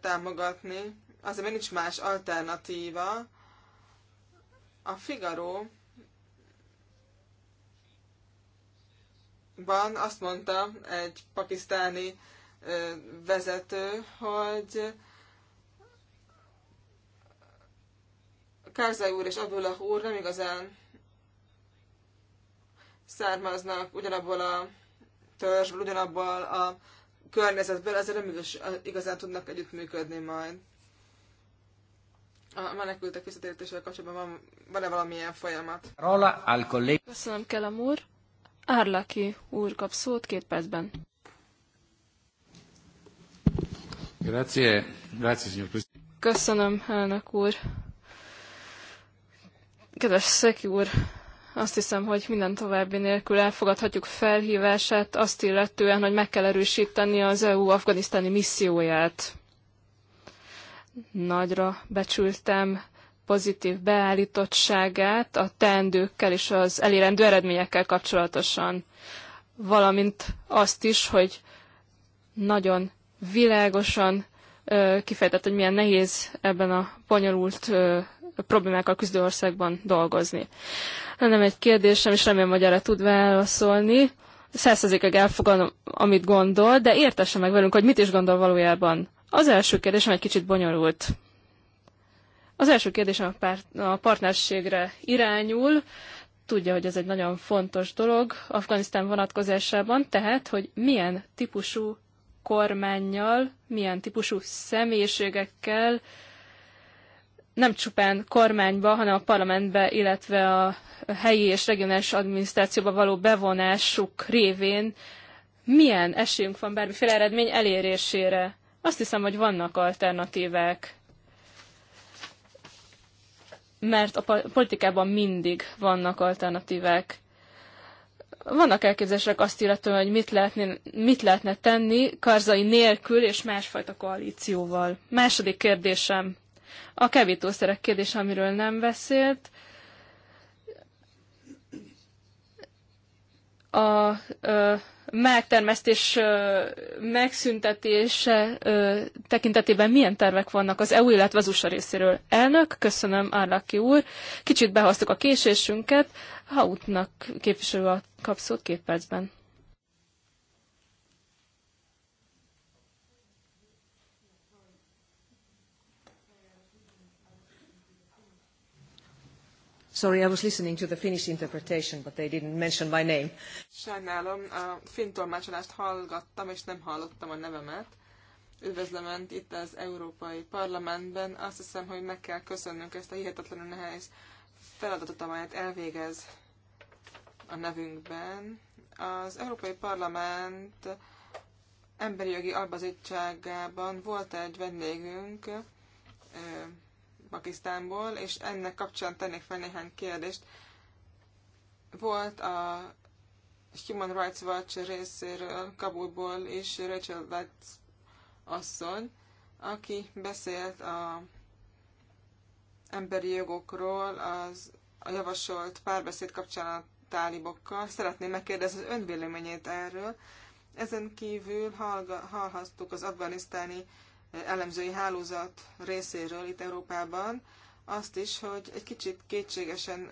Speaker 4: támogatni, azért mert nincs más alternatíva. A Figaro ban azt mondta egy pakisztáni vezető, hogy Kárzai úr és Abdullah úr nem igazán származnak ugyanabból a törzsből, ugyanabból a környezetből, ezért nem igazán tudnak együttműködni majd. A menekültek visszatértésével kapcsolatban van, van-e valamilyen folyamat?
Speaker 1: Rola al
Speaker 2: Köszönöm, Kelem úr. Árlaki úr kap szót két percben.
Speaker 3: Grazie, grazie, signor
Speaker 2: Köszönöm, elnök úr. Kedves Szeki úr, azt hiszem, hogy minden további nélkül elfogadhatjuk felhívását azt illetően, hogy meg kell erősíteni az EU afganisztáni misszióját. Nagyra becsültem pozitív beállítottságát a teendőkkel és az elérendő eredményekkel kapcsolatosan, valamint azt is, hogy nagyon világosan kifejtett, hogy milyen nehéz ebben a bonyolult problémákkal küzdő országban dolgozni. Nem egy kérdésem, és remélem, hogy erre tud válaszolni. Százszerzékig elfogadom, amit gondol, de értesse meg velünk, hogy mit is gondol valójában. Az első kérdésem egy kicsit bonyolult. Az első kérdésem a, párt, a partnerségre irányul. Tudja, hogy ez egy nagyon fontos dolog Afganisztán vonatkozásában, tehát, hogy milyen típusú kormányjal, milyen típusú személyiségekkel nem csupán kormányba, hanem a parlamentbe, illetve a helyi és regionális adminisztrációba való bevonásuk révén milyen esélyünk van bármiféle eredmény elérésére. Azt hiszem, hogy vannak alternatívák, mert a politikában mindig vannak alternatívák. Vannak elképzelések azt illetően, hogy mit, lehetne, mit lehetne tenni karzai nélkül és másfajta koalícióval. Második kérdésem a kevítószerek kérdés, amiről nem beszélt, a ö, mágtermesztés ö, megszüntetése ö, tekintetében milyen tervek vannak az EU, illetve az USA részéről? Elnök, köszönöm, Árlaki úr. Kicsit behoztuk a késésünket. Hautnak képviselő a kapszót két percben.
Speaker 4: Sorry, I was listening to the Finnish interpretation, but they didn't mention my name. Sajnálom, a finn tolmácsolást hallgattam, és nem hallottam a nevemet. Üdvözlöm Önt itt az Európai Parlamentben. Azt hiszem, hogy meg kell köszönnünk ezt a hihetetlenül nehéz feladatot, amelyet elvégez a nevünkben. Az Európai Parlament emberi jogi albazítságában volt egy vendégünk, Pakisztánból, és ennek kapcsán tennék fel néhány kérdést. Volt a Human Rights Watch részéről, Kabulból és Rachel Watts asszony, aki beszélt a emberi jogokról az a javasolt párbeszéd kapcsán a tálibokkal. Szeretném megkérdezni az önvéleményét erről. Ezen kívül hallhattuk az afganisztáni elemzői hálózat részéről itt Európában azt is, hogy egy kicsit kétségesen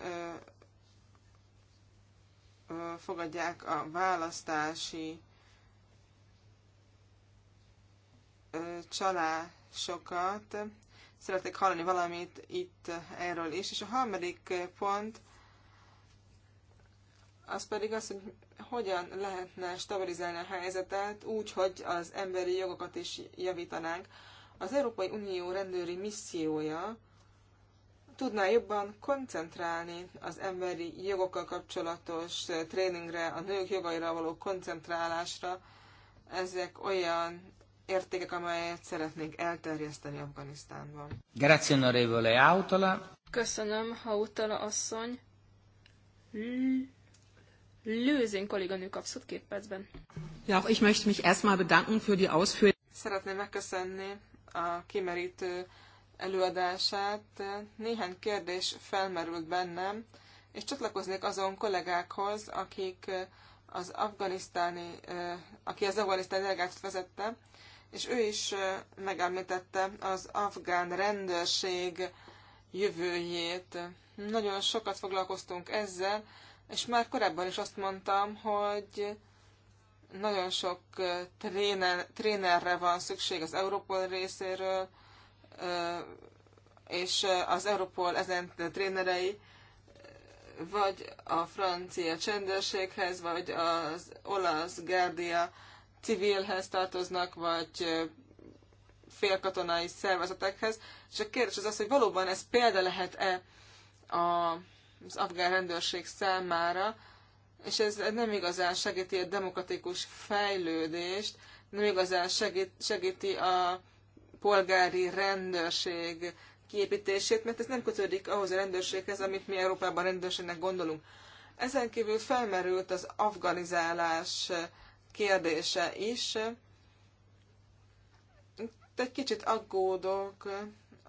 Speaker 4: fogadják a választási csalásokat. Szeretnék hallani valamit itt erről is. És a harmadik pont az pedig az, hogy hogyan lehetne stabilizálni a helyzetet úgy, hogy az emberi jogokat is javítanánk. Az Európai Unió rendőri missziója tudná jobban koncentrálni az emberi jogokkal kapcsolatos tréningre, a nők jogaira való koncentrálásra. Ezek olyan értékek, amelyet szeretnénk elterjeszteni Afganisztánban.
Speaker 1: Köszönöm, ha utala
Speaker 4: Köszönöm, Hautala asszony. Lőzén kolléganő kapszott két percben. Ja, ich möchte mich erstmal bedanken für die Szeretném megköszönni a kimerítő előadását. Néhány kérdés felmerült bennem, és csatlakoznék azon kollégákhoz, akik az afganisztáni, aki az afganisztáni delegációt vezette, és ő is megemlítette az afgán rendőrség jövőjét. Nagyon sokat foglalkoztunk ezzel, és már korábban is azt mondtam, hogy nagyon sok tréner, trénerre van szükség az Európol részéről, és az Európol ezen trénerei vagy a francia csendőrséghez, vagy az olasz gárdia civilhez tartoznak, vagy félkatonai szervezetekhez. És a kérdés az az, hogy valóban ez példa lehet-e a az afgán rendőrség számára, és ez nem igazán segíti a demokratikus fejlődést, nem igazán segít, segíti a polgári rendőrség kiépítését, mert ez nem kötődik ahhoz a rendőrséghez, amit mi Európában rendőrségnek gondolunk. Ezen kívül felmerült az afganizálás kérdése is. Itt egy kicsit aggódok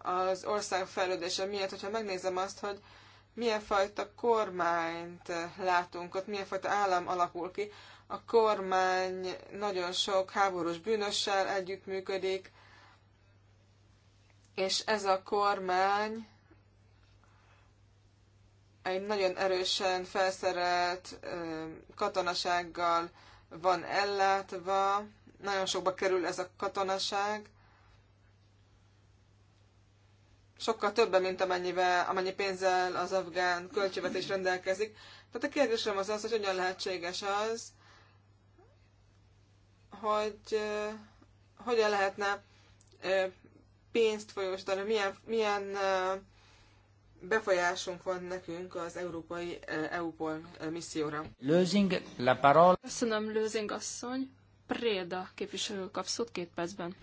Speaker 4: az ország fejlődése miatt, hogyha megnézem azt, hogy milyen fajta kormányt látunk ott, milyen fajta állam alakul ki. A kormány nagyon sok háborús bűnössel együttműködik, és ez a kormány egy nagyon erősen felszerelt katonasággal van ellátva, nagyon sokba kerül ez a katonaság, sokkal többen, mint amennyivel, amennyi pénzzel az afgán költségvetés rendelkezik. Tehát a kérdésem az az, hogy hogyan lehetséges az, hogy hogyan lehetne pénzt folyósítani, milyen, milyen befolyásunk van nekünk az európai EU-pol misszióra.
Speaker 1: Lőzing, la parole.
Speaker 4: Köszönöm, Lőzing asszony. Préda
Speaker 2: képviselő kap szót két percben.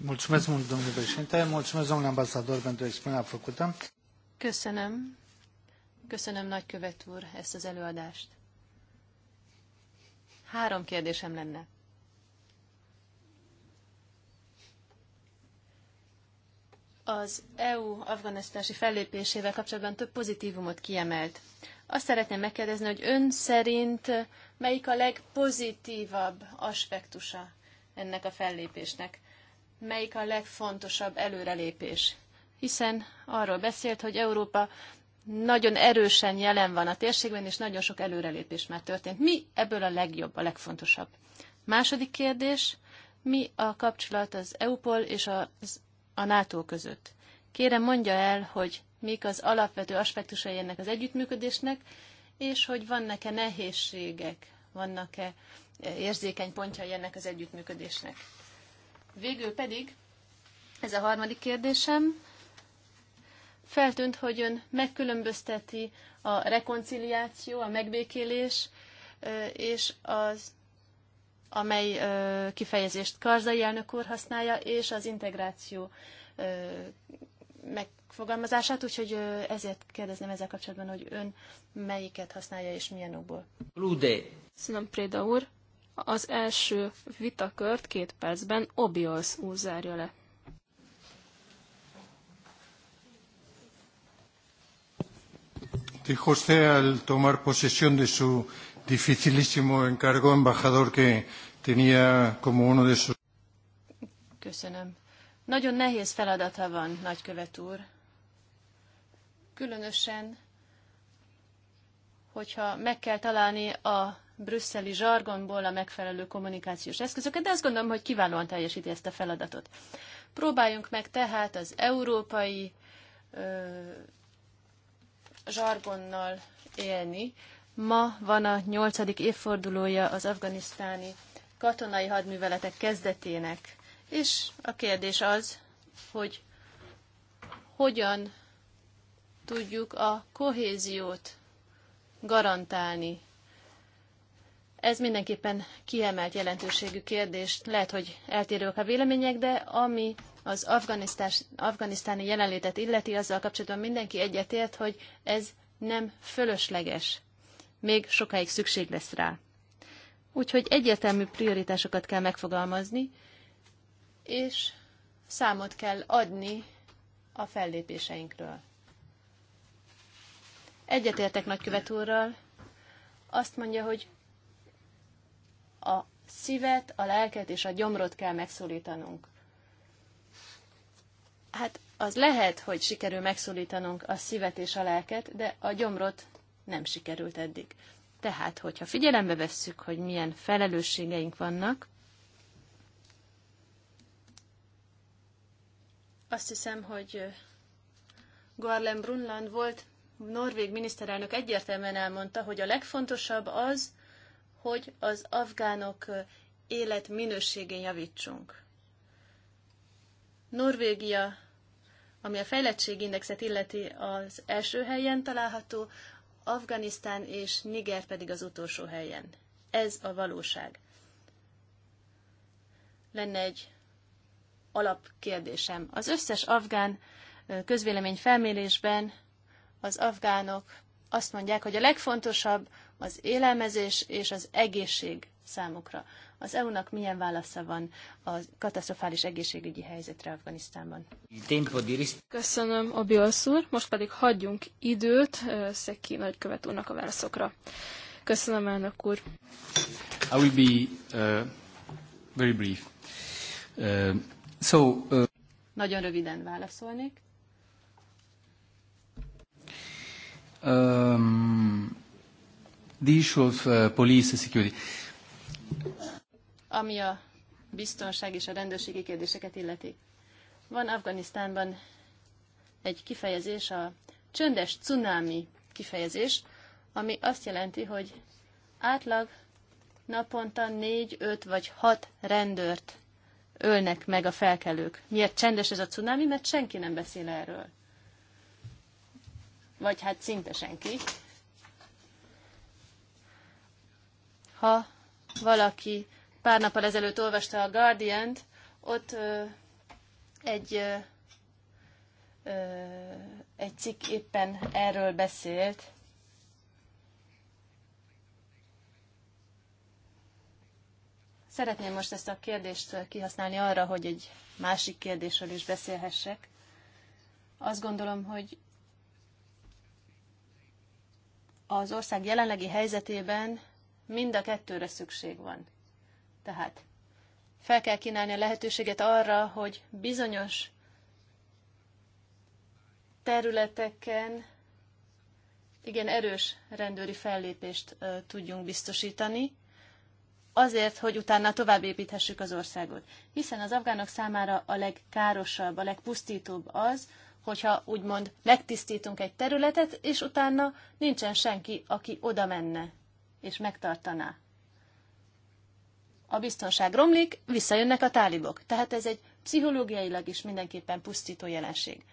Speaker 1: Mulțumesc mult, domnule președinte. Mulțumesc, domnule ambasador, pentru expunerea făcută.
Speaker 3: Köszönöm. Köszönöm, nagykövet úr, ezt az előadást. Három kérdésem lenne. Az EU afganisztási fellépésével kapcsolatban több pozitívumot kiemelt. Azt szeretném megkérdezni, hogy ön szerint melyik a legpozitívabb aspektusa ennek a fellépésnek? melyik a legfontosabb előrelépés. Hiszen arról beszélt, hogy Európa nagyon erősen jelen van a térségben, és nagyon sok előrelépés már történt. Mi ebből a legjobb, a legfontosabb? Második kérdés, mi a kapcsolat az EUPOL és a, a NATO között? Kérem mondja el, hogy mik az alapvető aspektusai ennek az együttműködésnek, és hogy vannak-e nehézségek, vannak-e eh, érzékeny pontjai ennek az együttműködésnek. Végül pedig, ez a harmadik kérdésem, feltűnt, hogy ön megkülönbözteti a rekonciliáció, a megbékélés és az amely kifejezést Karzai elnök úr használja, és az integráció megfogalmazását, úgyhogy ezért kérdezném ezzel kapcsolatban, hogy ön melyiket használja és milyen okból. Lude. Köszönöm, Préda úr. Az első
Speaker 2: vitakört két percben Obiolsz úr zárja le.
Speaker 1: Dijo usted al tomar posesión de su dificilísimo encargo embajador que tenía como uno de sus.
Speaker 3: Köszönöm. Nagyon nehéz feladata van, nagykövet úr. Különösen, hogyha meg kell találni a brüsszeli zsargonból a megfelelő kommunikációs eszközöket, de azt gondolom, hogy kiválóan teljesíti ezt a feladatot. Próbáljunk meg tehát az európai ö, zsargonnal élni. Ma van a nyolcadik évfordulója az afganisztáni katonai hadműveletek kezdetének, és a kérdés az, hogy hogyan tudjuk a kohéziót garantálni ez mindenképpen kiemelt jelentőségű kérdés. Lehet, hogy eltérők a vélemények, de ami az afganisztáni jelenlétet illeti, azzal kapcsolatban mindenki egyetért, hogy ez nem fölösleges. Még sokáig szükség lesz rá. Úgyhogy egyértelmű prioritásokat kell megfogalmazni, és számot kell adni a fellépéseinkről. Egyetértek nagykövet úrral, azt mondja, hogy a szívet, a lelket és a gyomrot kell megszólítanunk. Hát az lehet, hogy sikerül megszólítanunk a szívet és a lelket, de a gyomrot nem sikerült eddig. Tehát, hogyha figyelembe vesszük, hogy milyen felelősségeink vannak, azt hiszem, hogy Garlem Brunland volt norvég miniszterelnök egyértelműen elmondta, hogy a legfontosabb az, hogy az afgánok élet minőségén javítsunk. Norvégia, ami a fejlettségindexet illeti, az első helyen található, Afganisztán és Niger pedig az utolsó helyen. Ez a valóság. Lenne egy alapkérdésem. Az összes afgán közvélemény felmérésben az afgánok azt mondják, hogy a legfontosabb az élelmezés és az egészség számukra. Az EU-nak milyen válasza van a katasztrofális egészségügyi helyzetre Afganisztánban? Köszönöm, Abi úr. Most pedig hagyjunk időt Szeki nagykövet úrnak a válaszokra. Köszönöm, elnök úr.
Speaker 1: I will be uh, very brief. Uh, so, uh...
Speaker 3: Nagyon röviden válaszolnék.
Speaker 1: Um, the issue of uh, police security.
Speaker 3: Ami a biztonság és a rendőrségi kérdéseket illeti. Van Afganisztánban egy kifejezés, a csöndes cunami kifejezés, ami azt jelenti, hogy átlag naponta négy, öt vagy hat rendőrt ölnek meg a felkelők. Miért csendes ez a cunami? Mert senki nem beszél erről. Vagy hát szinte senki. Ha valaki pár nappal ezelőtt olvasta a Guardian-t, ott ö, egy, ö, ö, egy cikk éppen erről beszélt. Szeretném most ezt a kérdést kihasználni arra, hogy egy másik kérdésről is beszélhessek. Azt gondolom, hogy az ország jelenlegi helyzetében Mind a kettőre szükség van. Tehát fel kell kínálni a lehetőséget arra, hogy bizonyos területeken igen erős rendőri fellépést tudjunk biztosítani, azért, hogy utána tovább építhessük az országot. Hiszen az afgánok számára a legkárosabb, a legpusztítóbb az, hogyha úgymond megtisztítunk egy területet, és utána nincsen senki, aki oda menne és megtartaná. A biztonság romlik, visszajönnek a tálibok. Tehát ez egy pszichológiailag is mindenképpen pusztító jelenség.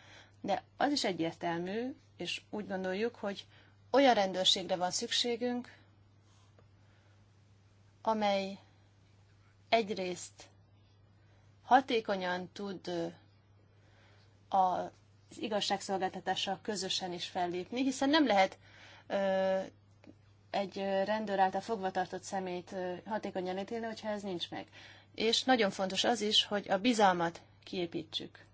Speaker 3: De az is egyértelmű, és úgy gondoljuk, hogy olyan rendőrségre van szükségünk, amely egyrészt hatékonyan tud az igazságszolgáltatással közösen is fellépni, hiszen nem lehet egy rendőr által fogvatartott szemét hatékonyan ítélni, hogyha ez nincs meg. És nagyon fontos az is, hogy a bizalmat kiépítsük.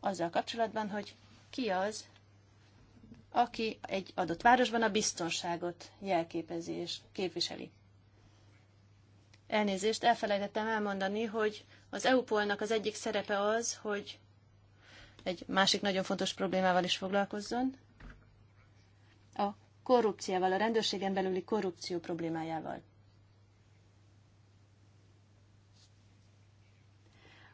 Speaker 3: Azzal kapcsolatban, hogy ki az, aki egy adott városban a biztonságot jelképezi és képviseli. Elnézést, elfelejtettem elmondani, hogy az EUPOL-nak az egyik szerepe az, hogy egy másik nagyon fontos problémával is foglalkozzon, a korrupciával, a rendőrségen belüli korrupció problémájával.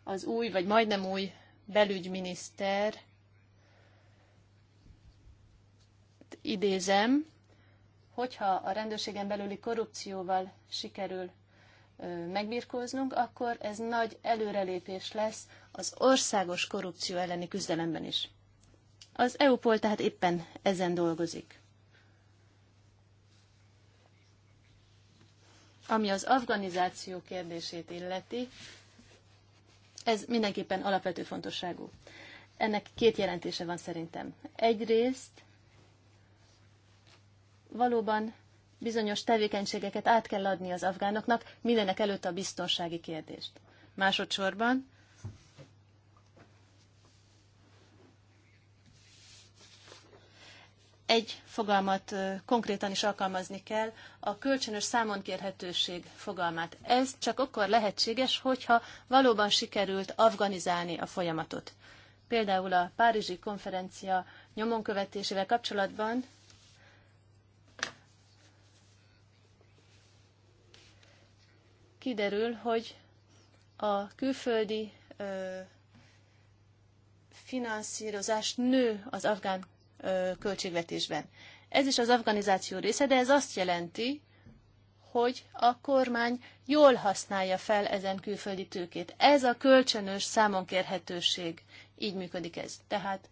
Speaker 3: Az új, vagy majdnem új belügyminiszter, idézem, hogyha a rendőrségen belüli korrupcióval sikerül megbirkóznunk, akkor ez nagy előrelépés lesz az országos korrupció elleni küzdelemben is. Az EUPOL tehát éppen ezen dolgozik. Ami az afganizáció kérdését illeti, ez mindenképpen alapvető fontosságú. Ennek két jelentése van szerintem. Egyrészt valóban bizonyos tevékenységeket át kell adni az afgánoknak, mindenek előtt a biztonsági kérdést. Másodszorban egy fogalmat konkrétan is alkalmazni kell, a kölcsönös számonkérhetőség fogalmát. Ez csak akkor lehetséges, hogyha valóban sikerült afganizálni a folyamatot. Például a Párizsi konferencia nyomon követésével kapcsolatban kiderül, hogy a külföldi ö, finanszírozás nő az afgán költségvetésben. Ez is az afganizáció része, de ez azt jelenti, hogy a kormány jól használja fel ezen külföldi tőkét. Ez a kölcsönös számonkérhetőség. Így működik ez. Tehát,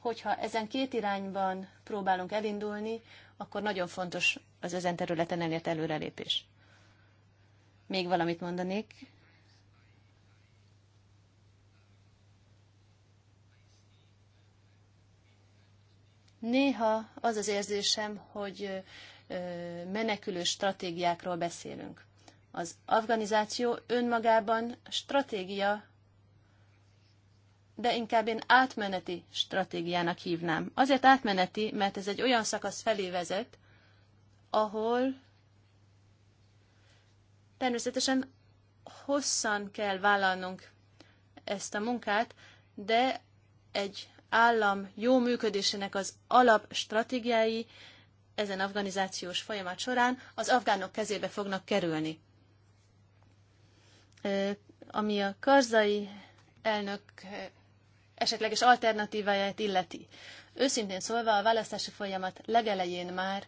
Speaker 3: hogyha ezen két irányban próbálunk elindulni, akkor nagyon fontos az ezen területen elért előrelépés. Még valamit mondanék Néha az az érzésem, hogy menekülő stratégiákról beszélünk. Az afganizáció önmagában stratégia, de inkább én átmeneti stratégiának hívnám. Azért átmeneti, mert ez egy olyan szakasz felé vezet, ahol természetesen hosszan kell vállalnunk ezt a munkát, de egy állam jó működésének az alapstratégiái ezen afganizációs folyamat során az afgánok kezébe fognak kerülni. Ami a karzai elnök esetleges alternatíváját illeti. Őszintén szólva, a választási folyamat legelején már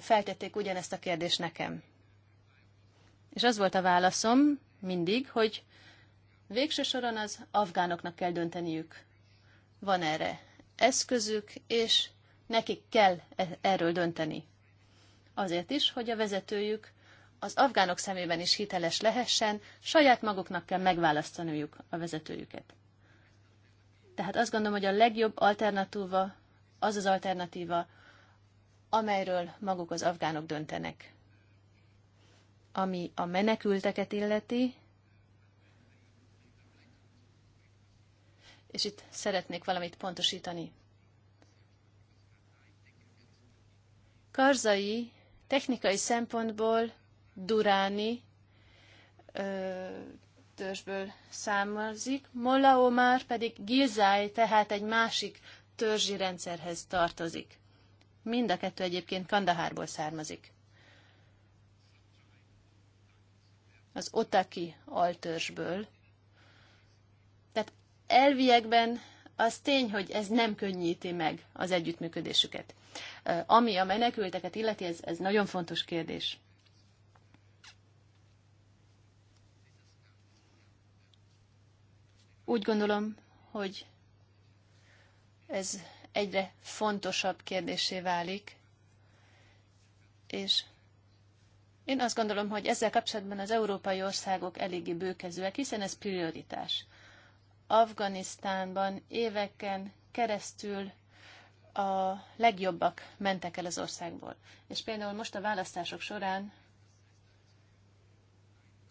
Speaker 3: feltették ugyanezt a kérdést nekem. És az volt a válaszom mindig, hogy végső soron az afgánoknak kell dönteniük van erre eszközük, és nekik kell e- erről dönteni. Azért is, hogy a vezetőjük az afgánok szemében is hiteles lehessen, saját maguknak kell megválasztaniuk a vezetőjüket. Tehát azt gondolom, hogy a legjobb alternatíva az az alternatíva, amelyről maguk az afgánok döntenek. Ami a menekülteket illeti, és itt szeretnék valamit pontosítani. Karzai technikai szempontból Duráni ö, törzsből származik, Molla Omar pedig Gizáj, tehát egy másik törzsi rendszerhez tartozik. Mind a kettő egyébként Kandahárból származik. Az Otaki altörzsből, elviekben az tény, hogy ez nem könnyíti meg az együttműködésüket. Ami a menekülteket illeti, ez, ez nagyon fontos kérdés. Úgy gondolom, hogy ez egyre fontosabb kérdésé válik, és én azt gondolom, hogy ezzel kapcsolatban az európai országok eléggé bőkezőek, hiszen ez prioritás. Afganisztánban éveken keresztül a legjobbak mentek el az országból. És például most a választások során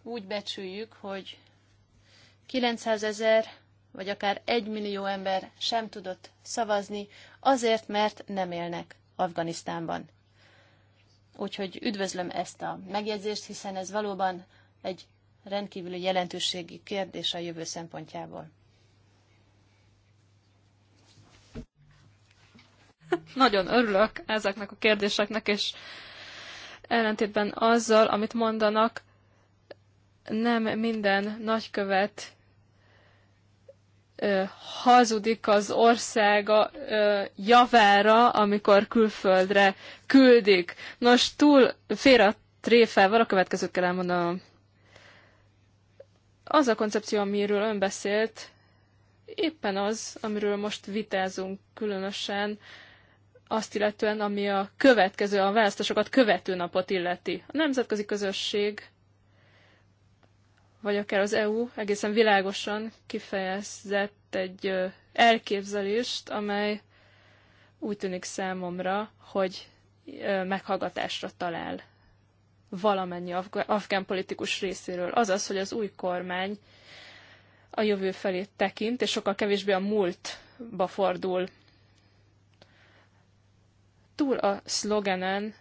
Speaker 3: úgy becsüljük, hogy 900 ezer vagy akár 1 millió ember sem tudott szavazni azért, mert nem élnek Afganisztánban. Úgyhogy üdvözlöm ezt a megjegyzést, hiszen ez valóban egy rendkívüli jelentőségi kérdés a jövő szempontjából. Nagyon örülök ezeknek a
Speaker 2: kérdéseknek, és ellentétben azzal, amit mondanak, nem minden nagykövet ö, hazudik az országa ö, javára, amikor külföldre küldik. Nos, túl fér a tréfával, a következőt kell elmondanom. Az a koncepció, amiről ön beszélt, éppen az, amiről most vitázunk különösen, azt illetően, ami a következő, a választásokat követő napot illeti. A nemzetközi közösség, vagy akár az EU egészen világosan kifejezett egy elképzelést, amely úgy tűnik számomra, hogy meghallgatásra talál valamennyi afgán politikus részéről. Azaz, hogy az új kormány a jövő felé tekint, és sokkal kevésbé a múltba fordul túl a szlogenen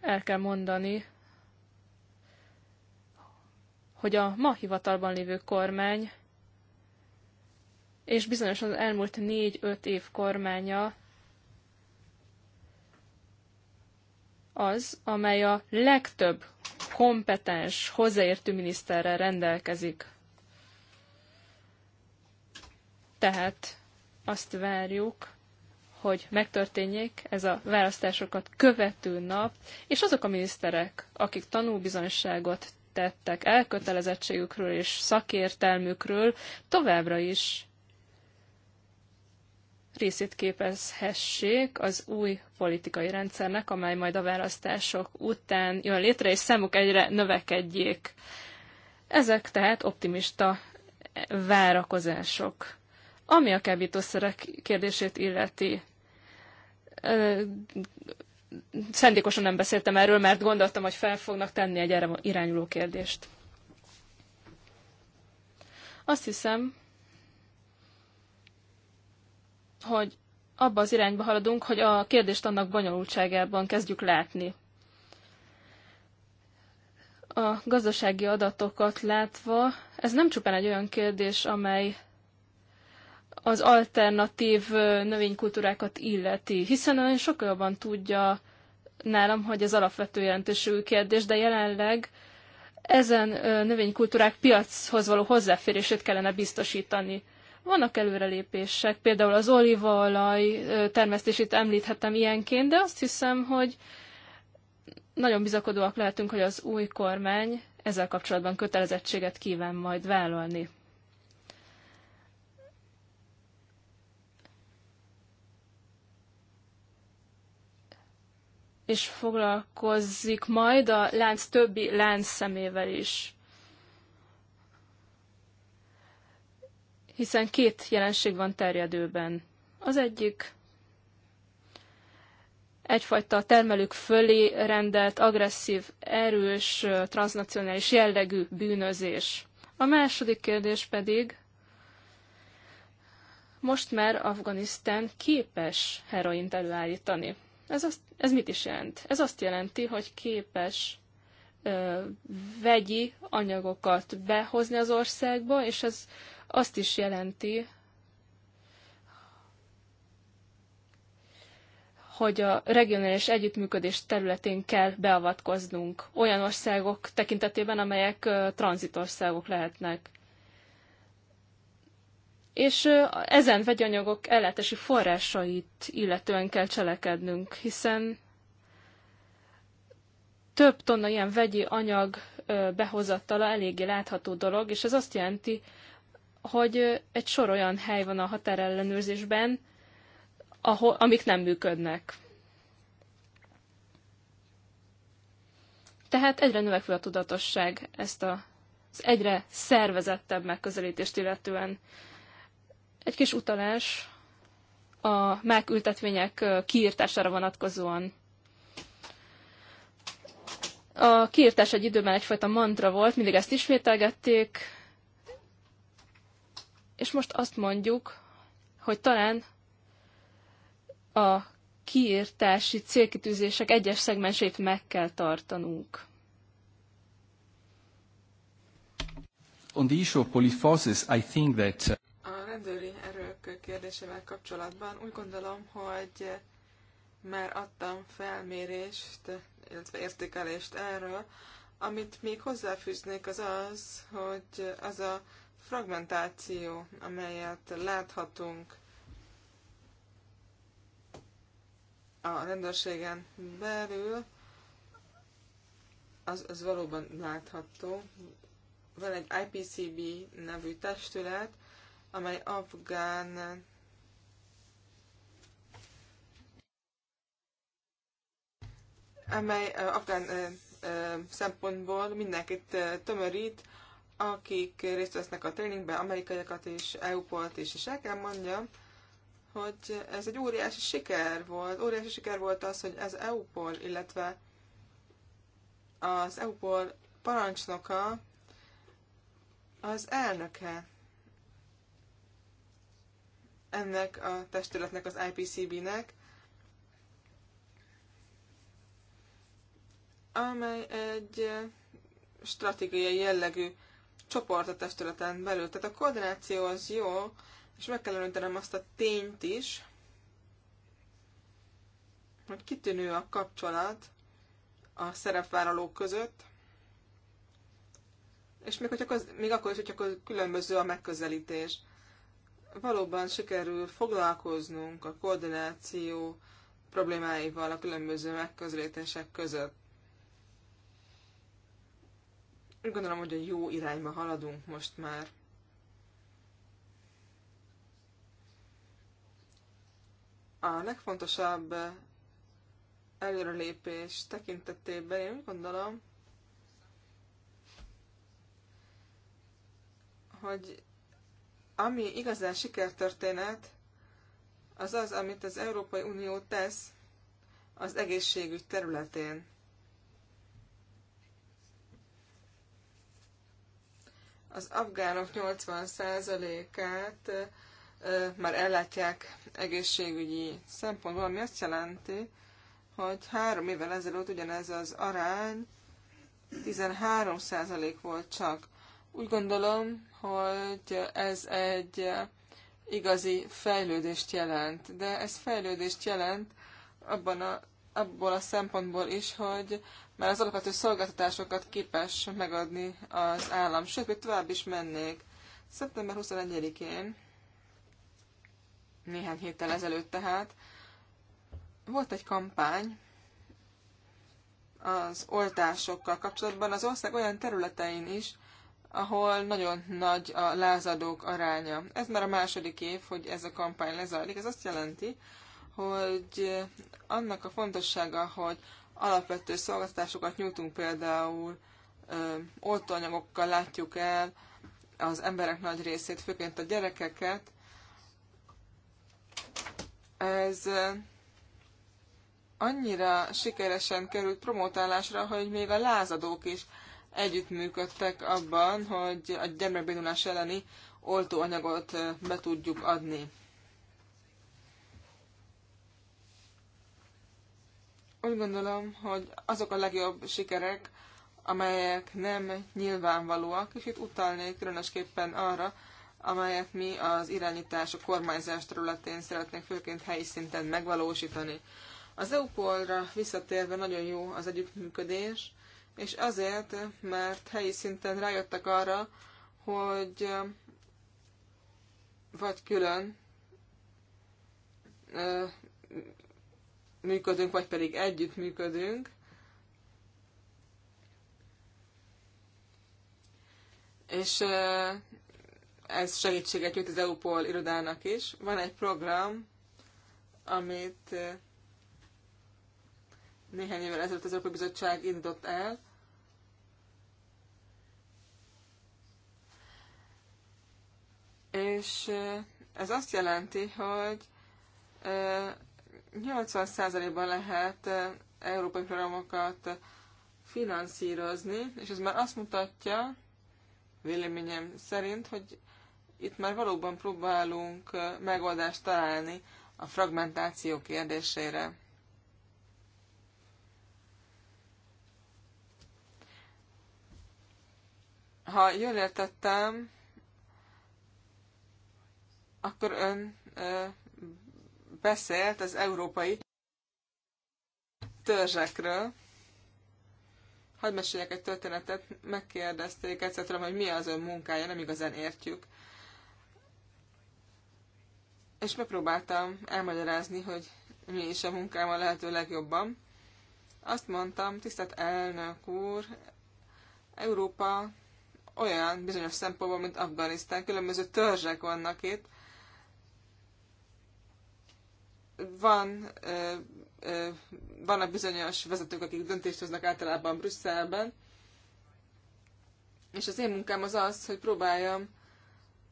Speaker 2: el kell mondani, hogy a ma hivatalban lévő kormány és bizonyos az elmúlt négy-öt év kormánya az, amely a legtöbb kompetens, hozzáértő miniszterrel rendelkezik. Tehát azt várjuk, hogy megtörténjék ez a választásokat követő nap, és azok a miniszterek, akik tanúbizonyságot tettek elkötelezettségükről és szakértelmükről, továbbra is részét képezhessék az új politikai rendszernek, amely majd a választások után jön létre, és számuk egyre növekedjék. Ezek tehát optimista várakozások. Ami a kábítószerek kérdését illeti, Szendékosan nem beszéltem erről, mert gondoltam, hogy fel fognak tenni egy erre irányuló kérdést. Azt hiszem, hogy abba az irányba haladunk, hogy a kérdést annak bonyolultságában kezdjük látni. A gazdasági adatokat látva, ez nem csupán egy olyan kérdés, amely az alternatív növénykultúrákat illeti, hiszen ön sokkal jobban tudja nálam, hogy ez alapvető jelentőségű kérdés, de jelenleg ezen növénykultúrák piachoz való hozzáférését kellene biztosítani. Vannak előrelépések, például az olívaolaj termesztését említhetem ilyenként, de azt hiszem, hogy nagyon bizakodóak lehetünk, hogy az új kormány ezzel kapcsolatban kötelezettséget kíván majd vállalni. és foglalkozik majd a lánc többi lánc szemével is. Hiszen két jelenség van terjedőben. Az egyik egyfajta termelők fölé rendelt, agresszív, erős, transnacionális jellegű bűnözés. A második kérdés pedig, most már Afganisztán képes heroint előállítani. Ez, azt, ez mit is jelent? Ez azt jelenti, hogy képes ö, vegyi anyagokat behozni az országba, és ez azt is jelenti, hogy a regionális együttműködés területén kell beavatkoznunk olyan országok tekintetében, amelyek tranzitországok lehetnek és ezen vegyanyagok ellátási forrásait illetően kell cselekednünk, hiszen több tonna ilyen vegyi anyag behozattala eléggé látható dolog, és ez azt jelenti, hogy egy sor olyan hely van a határellenőrzésben, ahol, amik nem működnek. Tehát egyre növekvő a tudatosság ezt a, az egyre szervezettebb megközelítést illetően. Egy kis utalás a MÁK ültetvények kiírtására vonatkozóan. A kiírtás egy időben egyfajta mantra volt, mindig ezt ismételgették, és most azt mondjuk, hogy talán a kiírtási célkitűzések egyes szegmensét meg kell tartanunk.
Speaker 1: On the issue of polyphosis, I think that uh,
Speaker 4: kérdésével kapcsolatban úgy gondolom, hogy már adtam felmérést, illetve értékelést erről. Amit még hozzáfűznék az az, hogy az a fragmentáció, amelyet láthatunk a rendőrségen belül, az, az valóban látható. Van egy IPCB nevű testület, amely afgán amely afgán ö, ö, szempontból mindenkit tömörít, akik részt vesznek a tréningben, amerikaiakat és EU-polt is, és el kell mondjam, hogy ez egy óriási siker volt. Óriási siker volt az, hogy ez EU-pol, illetve az EU-pol parancsnoka az elnöke ennek a testületnek, az IPCB-nek, amely egy eh, stratégiai jellegű csoport a testületen belül. Tehát a koordináció az jó, és meg kell említenem azt a tényt is, hogy kitűnő a kapcsolat a szerepvállalók között, és még, hogyha köz, még akkor is, hogyha különböző a megközelítés valóban sikerül foglalkoznunk a koordináció problémáival a különböző megközelítések között. Gondolom, hogy a jó irányba haladunk most már. A legfontosabb előrelépés tekintetében én úgy gondolom, hogy ami igazán sikertörténet, az az, amit az Európai Unió tesz az egészségügy területén. Az afgánok 80%-át már ellátják egészségügyi szempontból, ami azt jelenti, hogy három évvel ezelőtt ugyanez az arány 13% volt csak. Úgy gondolom, hogy ez egy igazi fejlődést jelent, de ez fejlődést jelent abban a, abból a szempontból is, hogy már az alapvető szolgáltatásokat képes megadni az állam. Sőt, még tovább is mennék. Szeptember 21-én, néhány héttel ezelőtt tehát, volt egy kampány az oltásokkal kapcsolatban az ország olyan területein is, ahol nagyon nagy a lázadók aránya. Ez már a második év, hogy ez a kampány lezajlik. Ez azt jelenti, hogy annak a fontossága, hogy alapvető szolgáltatásokat nyújtunk például, oltóanyagokkal látjuk el az emberek nagy részét, főként a gyerekeket. Ez annyira sikeresen került promotálásra, hogy még a lázadók is együttműködtek abban, hogy a gyermekbénulás elleni oltóanyagot be tudjuk adni. Úgy gondolom, hogy azok a legjobb sikerek, amelyek nem nyilvánvalóak, és itt utalnék különösképpen arra, amelyet mi az irányítás, a kormányzás területén szeretnénk főként helyi szinten megvalósítani. Az EU-polra visszatérve nagyon jó az együttműködés, és azért, mert helyi szinten rájöttek arra, hogy vagy külön működünk, vagy pedig együtt működünk. És ez segítséget nyújt az EUPOL irodának is. Van egy program, amit néhány évvel ezelőtt az Európai Bizottság indított el, és ez azt jelenti, hogy 80%-ban lehet európai programokat finanszírozni, és ez már azt mutatja, véleményem szerint, hogy itt már valóban próbálunk megoldást találni a fragmentáció kérdésére. Ha jól értettem, akkor ön ö, beszélt az európai törzsekről. Hadd meséljek egy történetet, megkérdezték egyszer tőlem, hogy mi az ön munkája, nem igazán értjük. És megpróbáltam elmagyarázni, hogy mi is a munkám a lehető legjobban. Azt mondtam, tisztelt elnök úr, Európa olyan bizonyos szempontból, mint Afganisztán. Különböző törzsek vannak itt, van, ö, ö, vannak bizonyos vezetők, akik döntést hoznak általában Brüsszelben, és az én munkám az az, hogy próbáljam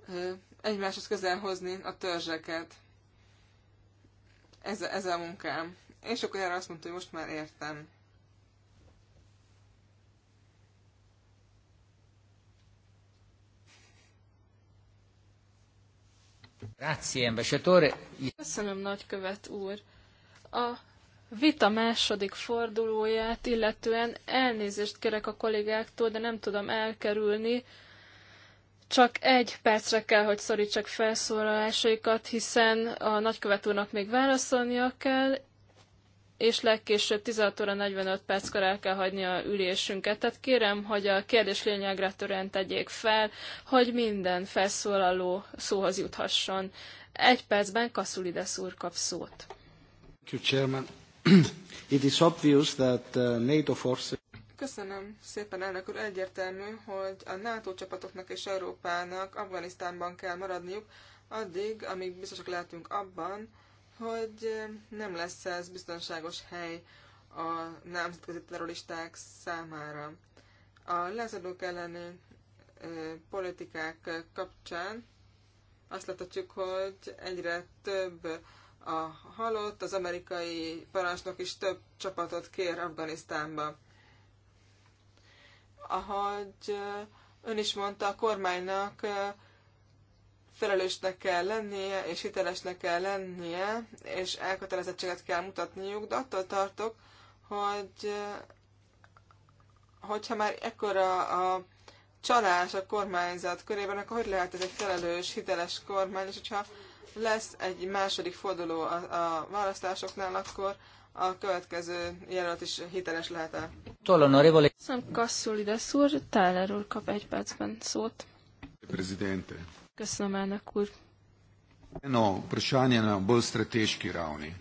Speaker 4: ö, egymáshoz közel hozni a törzseket. Ez, ez a munkám. És akkor erre azt mondta, hogy most már értem.
Speaker 2: Köszönöm, nagykövet úr. A vita második fordulóját, illetően elnézést kérek a kollégáktól, de nem tudom elkerülni. Csak egy percre kell, hogy szorítsak felszólalásaikat, hiszen a nagykövet úrnak még válaszolnia kell, és legkésőbb 16 óra 45 perckor el kell hagyni a ülésünket. Tehát kérem, hogy a kérdés lényegre törően tegyék fel, hogy minden felszólaló szóhoz juthasson. Egy percben
Speaker 4: Kasszulides úr kap szót. Köszönöm szépen, elnök úr. Egyértelmű, hogy a NATO csapatoknak és Európának Afganisztánban kell maradniuk, addig, amíg biztosak lehetünk abban, hogy nem lesz ez biztonságos hely a nemzetközi terroristák számára. A lázadók elleni politikák kapcsán azt láthatjuk, hogy egyre több a halott, az amerikai parancsnok is több csapatot kér Afganisztánba. Ahogy ön is mondta, a kormánynak felelősnek kell lennie, és hitelesnek kell lennie, és elkötelezettséget kell mutatniuk, de attól tartok, hogy hogyha már ekkora a csalás a kormányzat körében, akkor hogy lehet ez egy felelős, hiteles kormány, és hogyha lesz egy második forduló a, a választásoknál, akkor a következő jelölt is hiteles lehet-e?
Speaker 2: Köszönöm, Kasszolides úr. Tyler úr kap egy percben szót.
Speaker 1: Presidente.
Speaker 2: Köszönöm, elnök úr.
Speaker 1: Eno vprašanje na bolj strateški ravni.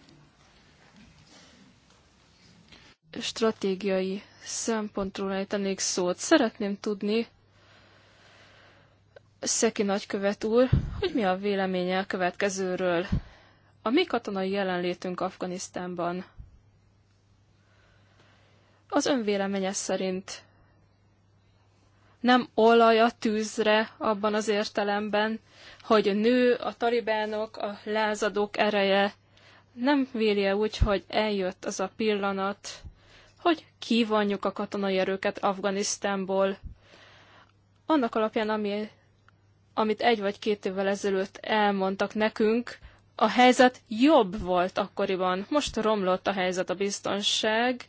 Speaker 2: Stratégiai szempontról ejtenék szót. Szeretném tudni, Szeki nagykövet úr, hogy mi a véleménye a következőről. A mi katonai jelenlétünk Afganisztánban az ön véleménye szerint nem olaj a tűzre abban az értelemben, hogy nő a talibánok, a lázadók ereje. Nem vélje úgy, hogy eljött az a pillanat, hogy kívánjuk a katonai erőket Afganisztánból. Annak alapján, ami, amit egy vagy két évvel ezelőtt elmondtak nekünk, a helyzet jobb volt akkoriban. Most romlott a helyzet, a biztonság,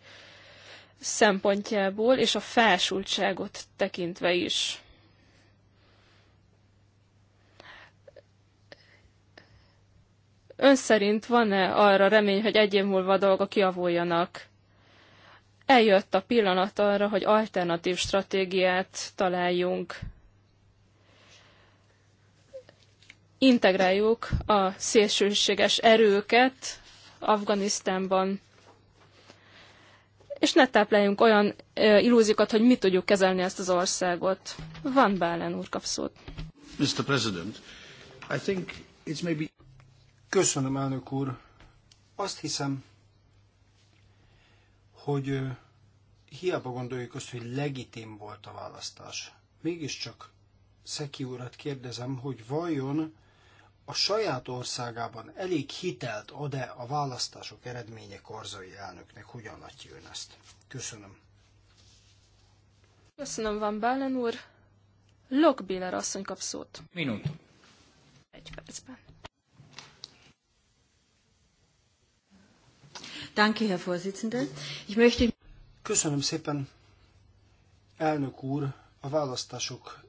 Speaker 2: szempontjából, és a fásultságot tekintve is. Ön szerint van-e arra remény, hogy egy év múlva a dolgok javuljanak? Eljött a pillanat arra, hogy alternatív stratégiát találjunk. Integráljuk a szélsőséges erőket Afganisztánban és ne tápláljunk olyan illúziókat, hogy mi tudjuk kezelni ezt az országot. Van
Speaker 1: Bálen úr kap szót. Mr. President, I think it's maybe... Köszönöm, elnök úr. Azt hiszem, hogy hiába gondoljuk azt, hogy legitim volt a választás. Mégiscsak Szeki urat kérdezem, hogy vajon a saját országában elég hitelt ad-e a választások eredménye Karzai elnöknek? Hogyan látja ön ezt? Köszönöm.
Speaker 2: Köszönöm, Van Bálen úr. Lokbiller asszony kap szót. Minut. Egy percben.
Speaker 3: Danke, Herr Vorsitzender.
Speaker 1: Ich möchte... Köszönöm szépen, elnök úr. A választások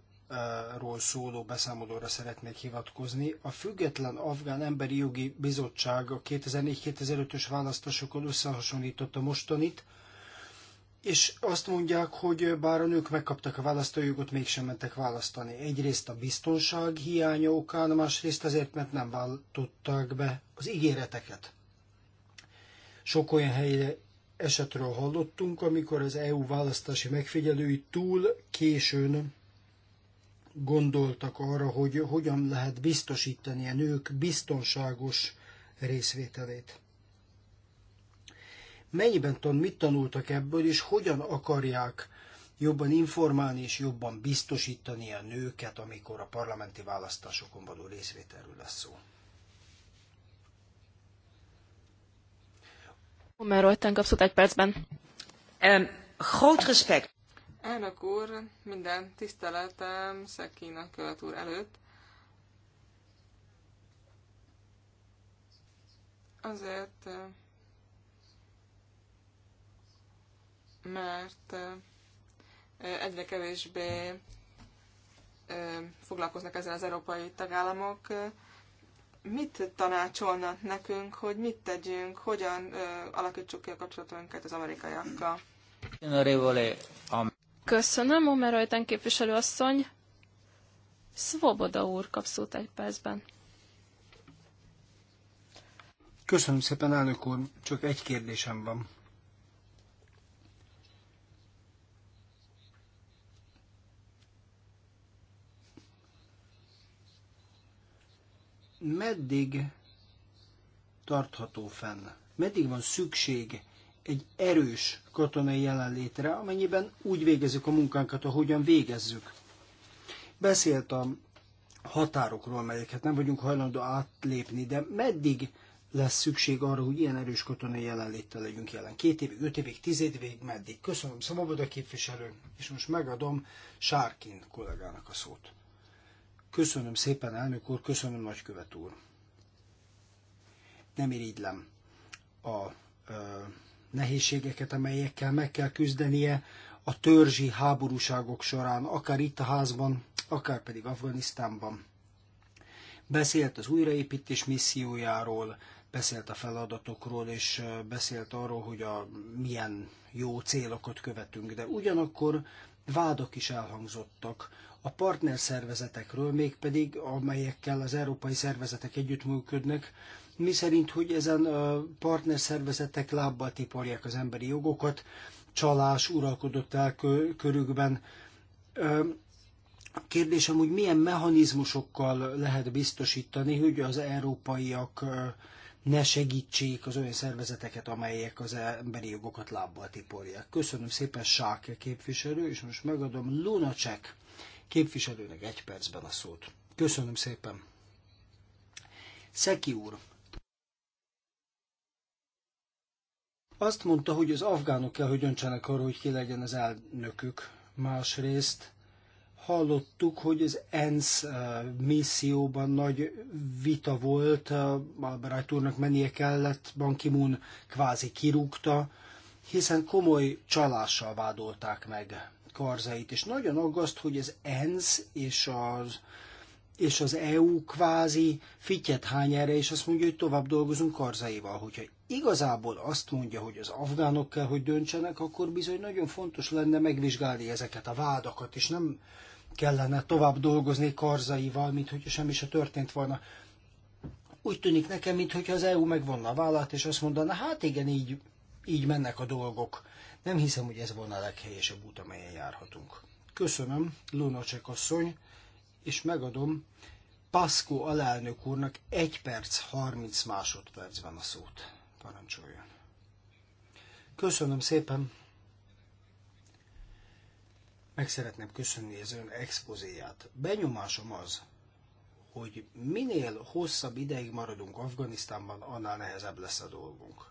Speaker 1: ról szóló beszámolóra szeretnék hivatkozni. A Független Afgán Emberi Jogi Bizottság a 2004-2005-ös választásokon összehasonlította mostanit, és azt mondják, hogy bár a nők megkaptak a választójogot, mégsem mentek választani. Egyrészt a biztonság hiánya okán, másrészt azért, mert nem váltották be az ígéreteket. Sok olyan helyre esetről hallottunk, amikor az EU választási megfigyelői túl későn gondoltak arra, hogy hogyan lehet biztosítani a nők biztonságos részvételét. Mennyiben tan, mit tanultak ebből, és hogyan akarják jobban informálni és jobban biztosítani a nőket, amikor a parlamenti választásokon való részvételről lesz szó?
Speaker 2: Már Reuten kapszott egy percben. Um, groot respect.
Speaker 4: Elnök úr, minden tiszteletem Szekina követ úr előtt. Azért, mert egyre kevésbé foglalkoznak ezzel az európai tagállamok. Mit tanácsolnak nekünk, hogy mit tegyünk, hogyan alakítsuk ki a kapcsolatunkat az amerikaiakkal?
Speaker 2: Köszönöm, Omer Ajten képviselőasszony. Svoboda úr kap szót egy percben.
Speaker 1: Köszönöm szépen, elnök úr. Csak egy kérdésem van. Meddig tartható fenn? Meddig van szükség egy erős katonai jelenlétre, amennyiben úgy végezzük a munkánkat, ahogyan végezzük. Beszélt a határokról, melyeket nem vagyunk hajlandó átlépni, de meddig lesz szükség arra, hogy ilyen erős katonai jelenléttel legyünk jelen. Két évig, öt évig, tíz évig, meddig. Köszönöm a képviselő, és most megadom Sárkin kollégának a szót. Köszönöm szépen, elnök úr, köszönöm, nagykövet úr. Nem irigylem a ö, nehézségeket, amelyekkel meg kell küzdenie a törzsi háborúságok során, akár itt a házban, akár pedig Afganisztánban. Beszélt az újraépítés missziójáról, beszélt a feladatokról, és beszélt arról, hogy a milyen jó célokat követünk, de ugyanakkor vádok is elhangzottak a partnerszervezetekről, mégpedig amelyekkel az európai szervezetek együttműködnek, mi szerint, hogy ezen a partnerszervezetek lábbal tiporják az emberi jogokat, csalás uralkodott el körükben. Kérdésem, hogy milyen mechanizmusokkal lehet biztosítani, hogy az európaiak ne segítsék az olyan szervezeteket, amelyek az emberi jogokat lábbal tiporják. Köszönöm szépen, Sáke képviselő, és most megadom Lunacek képviselőnek egy percben a szót. Köszönöm szépen. Szeki úr, Azt mondta, hogy az afgánok kell, hogy döntsenek arról, hogy ki legyen az elnökük. Másrészt hallottuk, hogy az ENSZ eh, misszióban nagy vita volt, eh, Bright úrnak mennie kellett, Ban ki kvázi kirúgta, hiszen komoly csalással vádolták meg karzait, és nagyon aggaszt, hogy az ENSZ és az, és az EU kvázi fityet hány erre, és azt mondja, hogy tovább dolgozunk karzaival. Hogyha igazából azt mondja, hogy az afgánok kell, hogy döntsenek, akkor bizony nagyon fontos lenne megvizsgálni ezeket a vádakat, és nem kellene tovább dolgozni karzaival, mint hogy semmi se történt volna. Úgy tűnik nekem, mintha az EU megvonna a vállát, és azt mondaná, hát igen, így, így mennek a dolgok. Nem hiszem, hogy ez volna a leghelyesebb út, amelyen járhatunk. Köszönöm, Lunacek asszony, és megadom Paszkó alelnök úrnak 1 perc 30 másodpercben a szót. Parancsoljon. Köszönöm szépen. Meg szeretném köszönni az ön expozéját. Benyomásom az, hogy minél hosszabb ideig maradunk Afganisztánban, annál nehezebb lesz a dolgunk.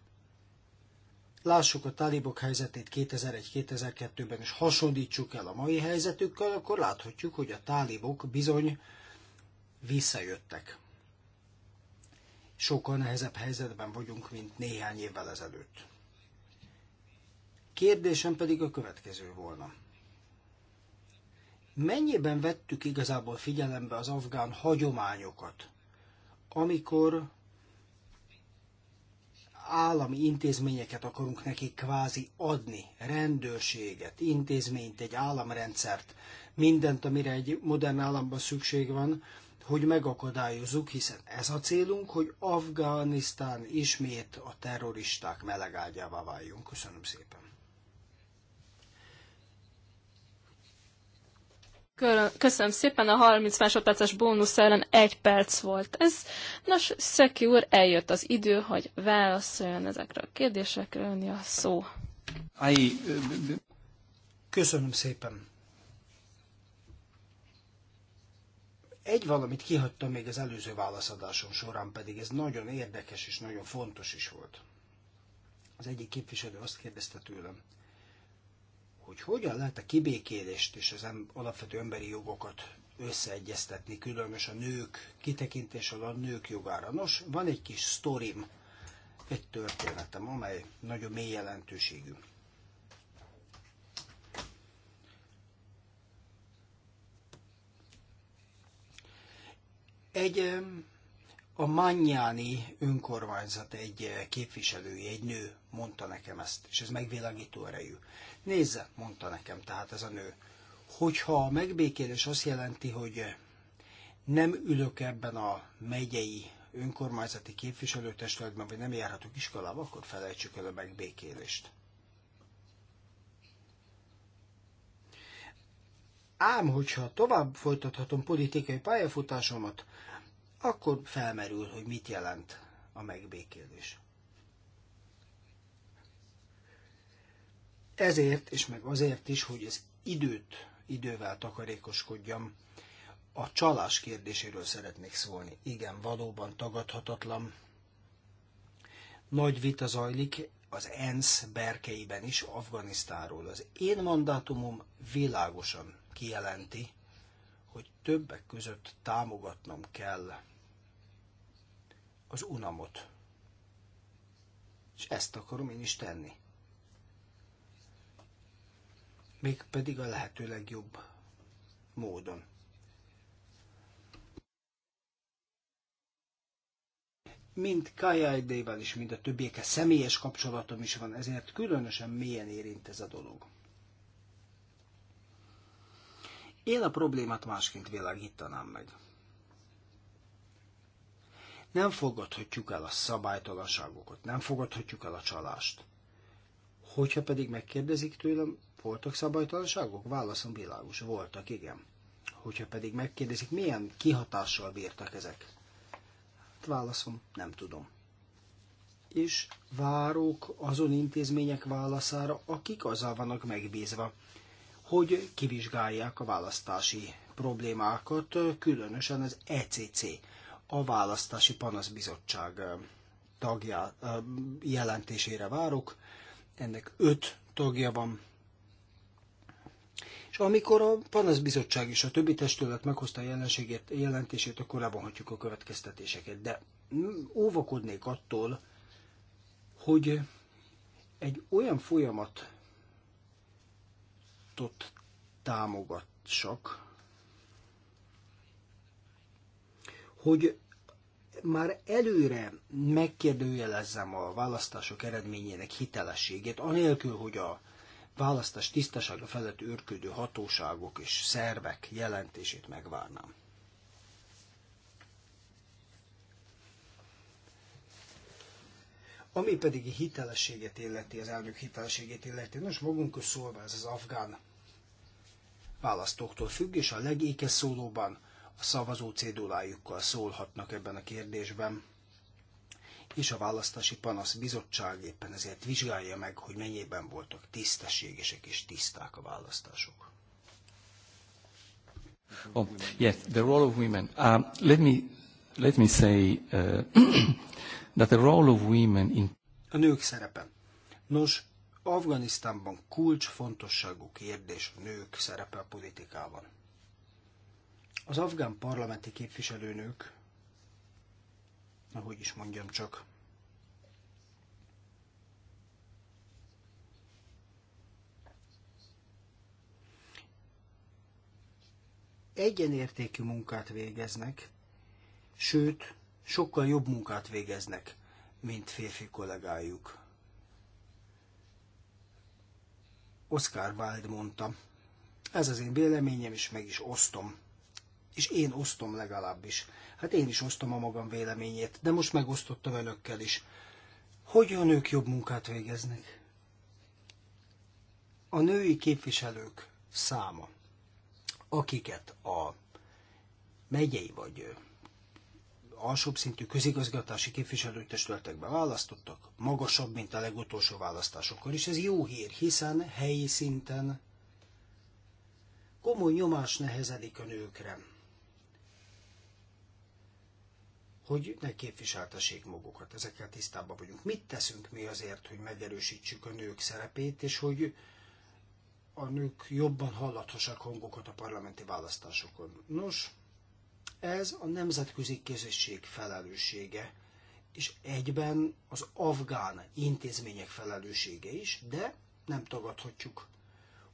Speaker 1: Lássuk a talibok helyzetét 2001-2002-ben, és hasonlítsuk el a mai helyzetükkel, akkor láthatjuk, hogy a talibok bizony visszajöttek sokkal nehezebb helyzetben vagyunk, mint néhány évvel ezelőtt. Kérdésem pedig a következő volna. Mennyiben vettük igazából figyelembe az afgán hagyományokat, amikor állami intézményeket akarunk nekik kvázi adni, rendőrséget, intézményt, egy államrendszert, mindent, amire egy modern államban szükség van, hogy megakadályozzuk, hiszen ez a célunk, hogy Afganisztán ismét a terroristák melegágyává váljon. Köszönöm szépen.
Speaker 2: Köszönöm szépen, a 30 másodperces bónusz ellen egy perc volt ez. Nos, Szeki úr, eljött az idő, hogy válaszoljon ezekre a kérdésekre, önni a szó.
Speaker 1: Köszönöm szépen. Egy valamit kihagytam még az előző válaszadásom során, pedig ez nagyon érdekes és nagyon fontos is volt. Az egyik képviselő azt kérdezte tőlem, hogy hogyan lehet a kibékélést és az alapvető emberi jogokat összeegyeztetni, különös a nők kitekintéssel a nők jogára. Nos, van egy kis sztorim, egy történetem, amely nagyon mély jelentőségű. Egy a Mannyáni önkormányzat egy képviselője, egy nő mondta nekem ezt, és ez megvilágító erejű. Nézze, mondta nekem tehát ez a nő, hogyha a megbékélés azt jelenti, hogy nem ülök ebben a megyei önkormányzati képviselőtestületben, vagy nem járhatok iskolába, akkor felejtsük el a megbékélést. Ám, hogyha tovább folytathatom politikai pályafutásomat, akkor felmerül, hogy mit jelent a megbékélés. Ezért, és meg azért is, hogy az időt idővel takarékoskodjam, a csalás kérdéséről szeretnék szólni. Igen, valóban tagadhatatlan. Nagy vita zajlik az ENSZ berkeiben is Afganisztáról. Az én mandátumom világosan kijelenti, hogy többek között támogatnom kell az unamot. És ezt akarom én is tenni. pedig a lehető legjobb módon. mind Kajajdéval is, mind a többieke személyes kapcsolatom is van, ezért különösen mélyen érint ez a dolog. Én a problémát másként világítanám meg. Nem fogadhatjuk el a szabálytalanságokat, nem fogadhatjuk el a csalást. Hogyha pedig megkérdezik tőlem, voltak szabálytalanságok? Válaszom világos, voltak, igen. Hogyha pedig megkérdezik, milyen kihatással bírtak ezek? Hát válaszom, nem tudom. És várok azon intézmények válaszára, akik azzal vannak megbízva, hogy kivizsgálják a választási problémákat, különösen az ECC, a Választási Panaszbizottság tagja jelentésére várok. Ennek öt tagja van. És amikor a panaszbizottság és a többi testület meghozta a jelentését, akkor levonhatjuk a következtetéseket. De óvakodnék attól, hogy egy olyan folyamatot támogatsak, hogy már előre megkérdőjelezzem a választások eredményének hitelességét, anélkül, hogy a választás tisztasága felett őrködő hatóságok és szervek jelentését megvárnám. Ami pedig a hitelességet illeti, az elnök hitelességét illeti, most magunk szólva ez az afgán választóktól függ, és a legékes szólóban szavazó cédulájukkal szólhatnak ebben a kérdésben, és a Választási Panasz Bizottság éppen ezért vizsgálja meg, hogy mennyiben voltak tisztességesek és tiszták a választások. Oh, yes, the role of women. Um, let me let me say uh, that the role of women in a nők szerepe. Nos, Afganisztánban kulcsfontosságú kérdés a nők szerepe a politikában. Az afgán parlamenti képviselőnők, ahogy is mondjam csak, egyenértékű munkát végeznek, sőt, sokkal jobb munkát végeznek, mint férfi kollégájuk. Oscar Wilde mondta. Ez az én véleményem, és meg is osztom és én osztom legalábbis. Hát én is osztom a magam véleményét, de most megosztottam önökkel is. Hogy a nők jobb munkát végeznek? A női képviselők száma, akiket a megyei vagy alsóbb szintű közigazgatási képviselőtestületekbe választottak, magasabb, mint a legutolsó választásokkor, és ez jó hír, hiszen helyi szinten komoly nyomás nehezedik a nőkre hogy ne képviseltessék magukat. Ezekkel tisztában vagyunk. Mit teszünk mi azért, hogy megerősítsük a nők szerepét, és hogy a nők jobban hallathassák hangokat a parlamenti választásokon? Nos, ez a nemzetközi közösség felelőssége, és egyben az afgán intézmények felelőssége is, de nem tagadhatjuk,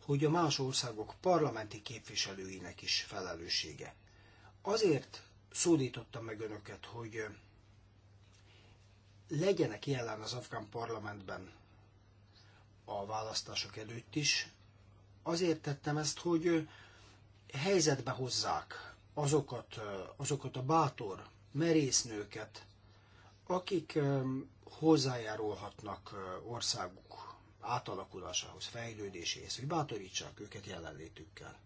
Speaker 1: hogy a más országok parlamenti képviselőinek is felelőssége. Azért szólítottam meg önöket, hogy eh, legyenek jelen az afgán parlamentben a választások előtt is. Azért tettem ezt, hogy eh, helyzetbe hozzák azokat, eh, azokat a bátor, merésznőket, akik hozzájárulhatnak országuk átalakulásához, fejlődéséhez, hogy bátorítsák őket jelenlétükkel.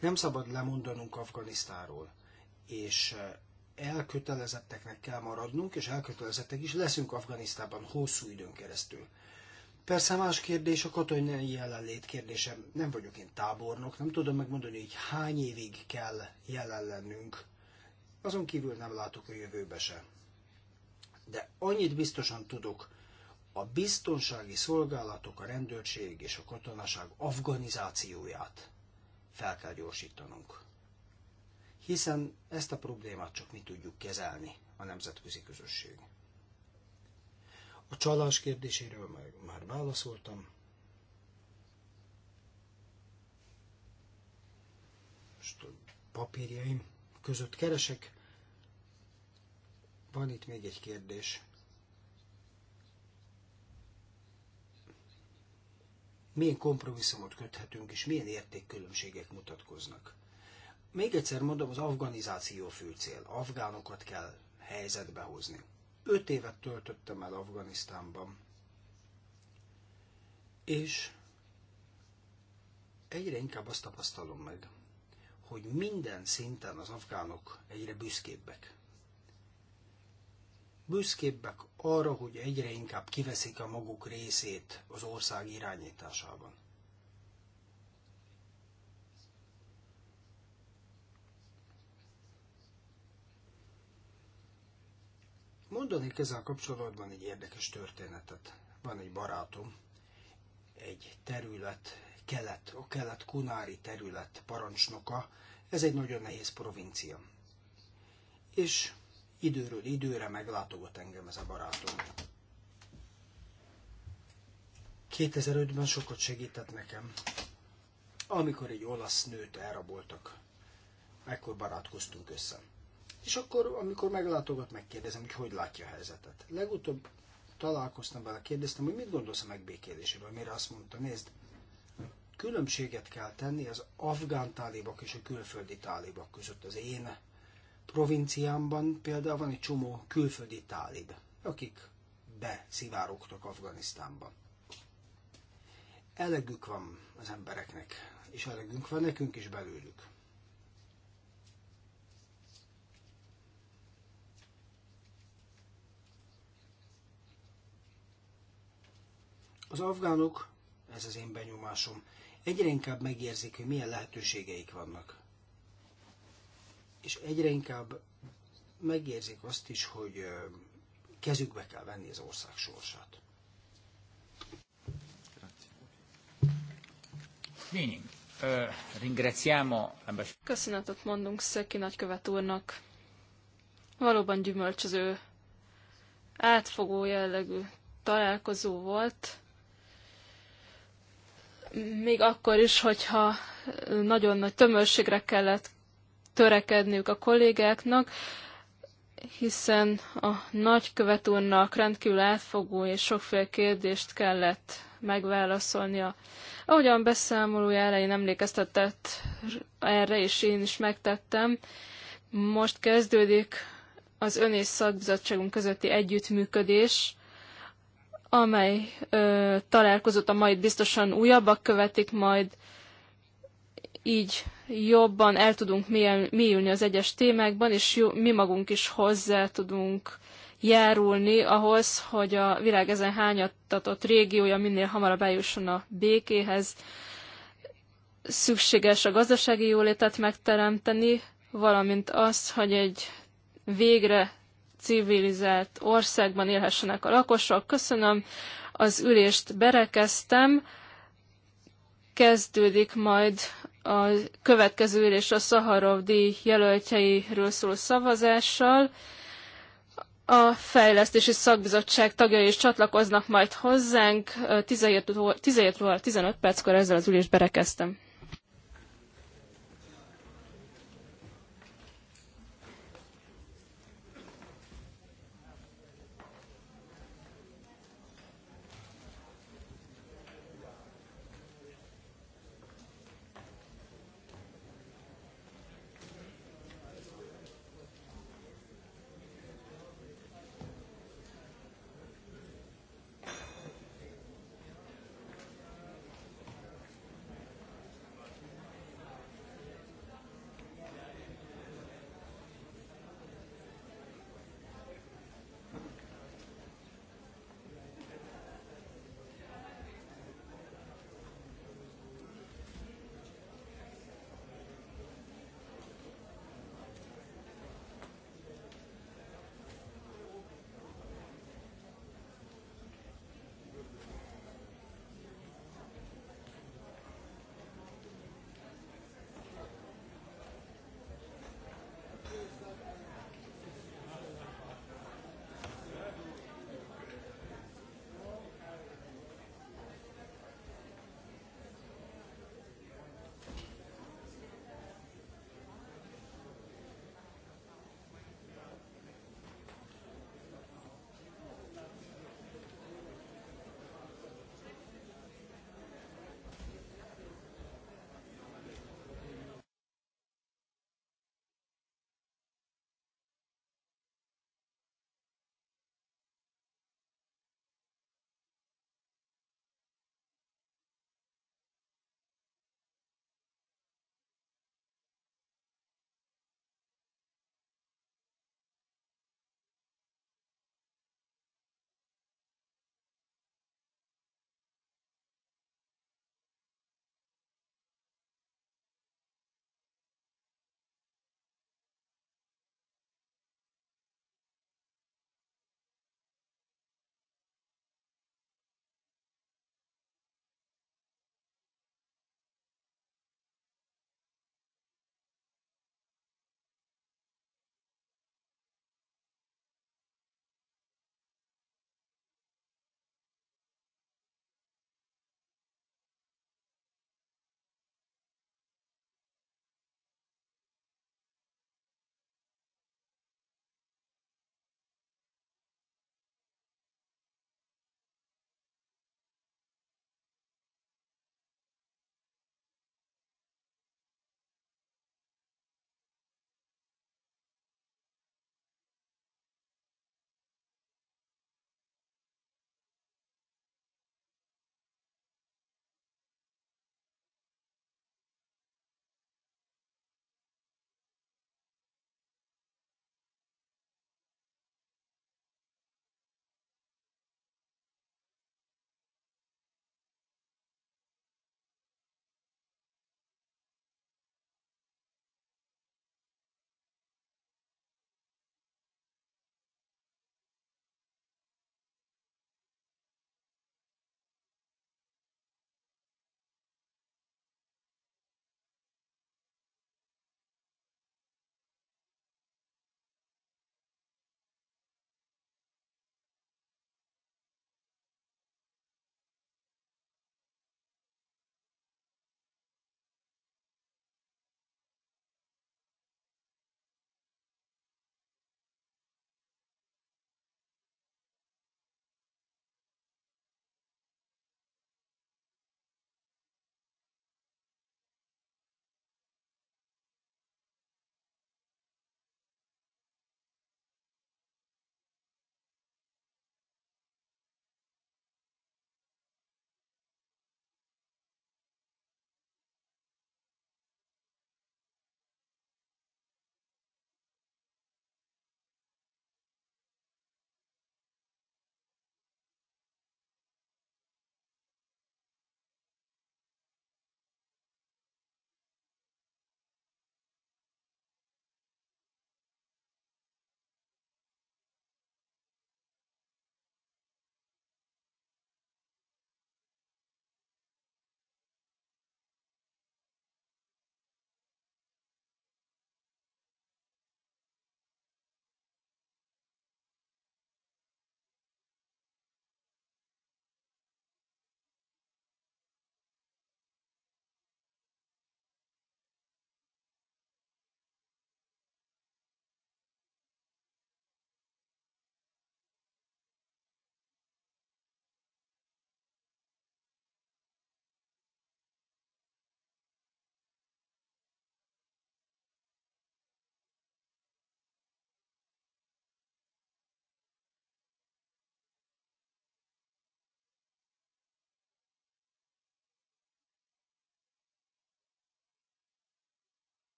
Speaker 1: Nem szabad lemondanunk Afganisztáról, és eh, elkötelezetteknek kell maradnunk, és elkötelezettek is leszünk Afganisztában hosszú időn keresztül. Persze más kérdés a katonai jelenlét kérdése. Nem vagyok én tábornok, nem tudom megmondani, hogy hány évig kell jelen lennünk. Azon kívül nem látok a jövőbe se. De annyit biztosan tudok, a biztonsági szolgálatok, a rendőrség és a katonaság afganizációját fel kell gyorsítanunk. Hiszen ezt a problémát csak mi tudjuk kezelni, a nemzetközi közösség. A csalás kérdéséről már, már válaszoltam. Most a papírjaim között keresek. Van itt még egy kérdés. milyen kompromisszumot köthetünk, és milyen értékkülönbségek mutatkoznak. Még egyszer mondom, az afganizáció fő cél. Afgánokat kell helyzetbe hozni. Öt évet töltöttem el Afganisztánban. És egyre inkább azt tapasztalom meg, hogy minden szinten az afgánok egyre büszkébbek büszkébbek arra, hogy egyre inkább kiveszik a maguk részét az ország irányításában. Mondanék ezzel kapcsolatban egy érdekes történetet. Van egy barátom, egy terület, kelet, a kelet-kunári terület parancsnoka, ez egy nagyon nehéz provincia. És időről időre meglátogat engem ez a barátom. 2005-ben sokat segített nekem, amikor egy olasz nőt elraboltak. Ekkor barátkoztunk össze. És akkor, amikor meglátogat, megkérdezem, hogy hogy látja a helyzetet. Legutóbb találkoztam vele, kérdeztem, hogy mit gondolsz a megbékélésről, mire azt mondta, nézd, különbséget kell tenni az afgán tálibak és a külföldi tálibak között, az én provinciámban például van egy csomó külföldi tálib, akik beszivárogtak Afganisztánba. Elegük van az embereknek, és elegünk van nekünk is belőlük. Az afgánok, ez az én benyomásom, egyre inkább megérzik, hogy milyen lehetőségeik vannak és egyre inkább megérzik azt is, hogy kezükbe kell venni az ország sorsát.
Speaker 2: Köszönetet mondunk Szeki nagykövet úrnak. Valóban gyümölcsöző, átfogó jellegű találkozó volt. Még akkor is, hogyha nagyon nagy tömörségre kellett törekedniük a kollégáknak, hiszen a nagykövet úrnak rendkívül átfogó és sokféle kérdést kellett megválaszolnia. Ahogyan beszámolója elején emlékeztetett erre, és én is megtettem, most kezdődik az ön és szakbizottságunk közötti együttműködés, amely ö, találkozott a mai, biztosan újabbak követik, majd így jobban el tudunk mélyülni az egyes témákban, és jó, mi magunk is hozzá tudunk járulni ahhoz, hogy a világ ezen hányattatott régiója minél hamarabb eljusson a békéhez. Szükséges a gazdasági jólétet megteremteni, valamint az, hogy egy végre civilizált országban élhessenek a lakosok. Köszönöm, az ülést berekeztem, kezdődik majd a következő ülés a Szaharov díj jelöltjeiről szóló szavazással. A fejlesztési szakbizottság tagjai is csatlakoznak majd hozzánk. 17-ről 15 perckor ezzel az ülést berekeztem.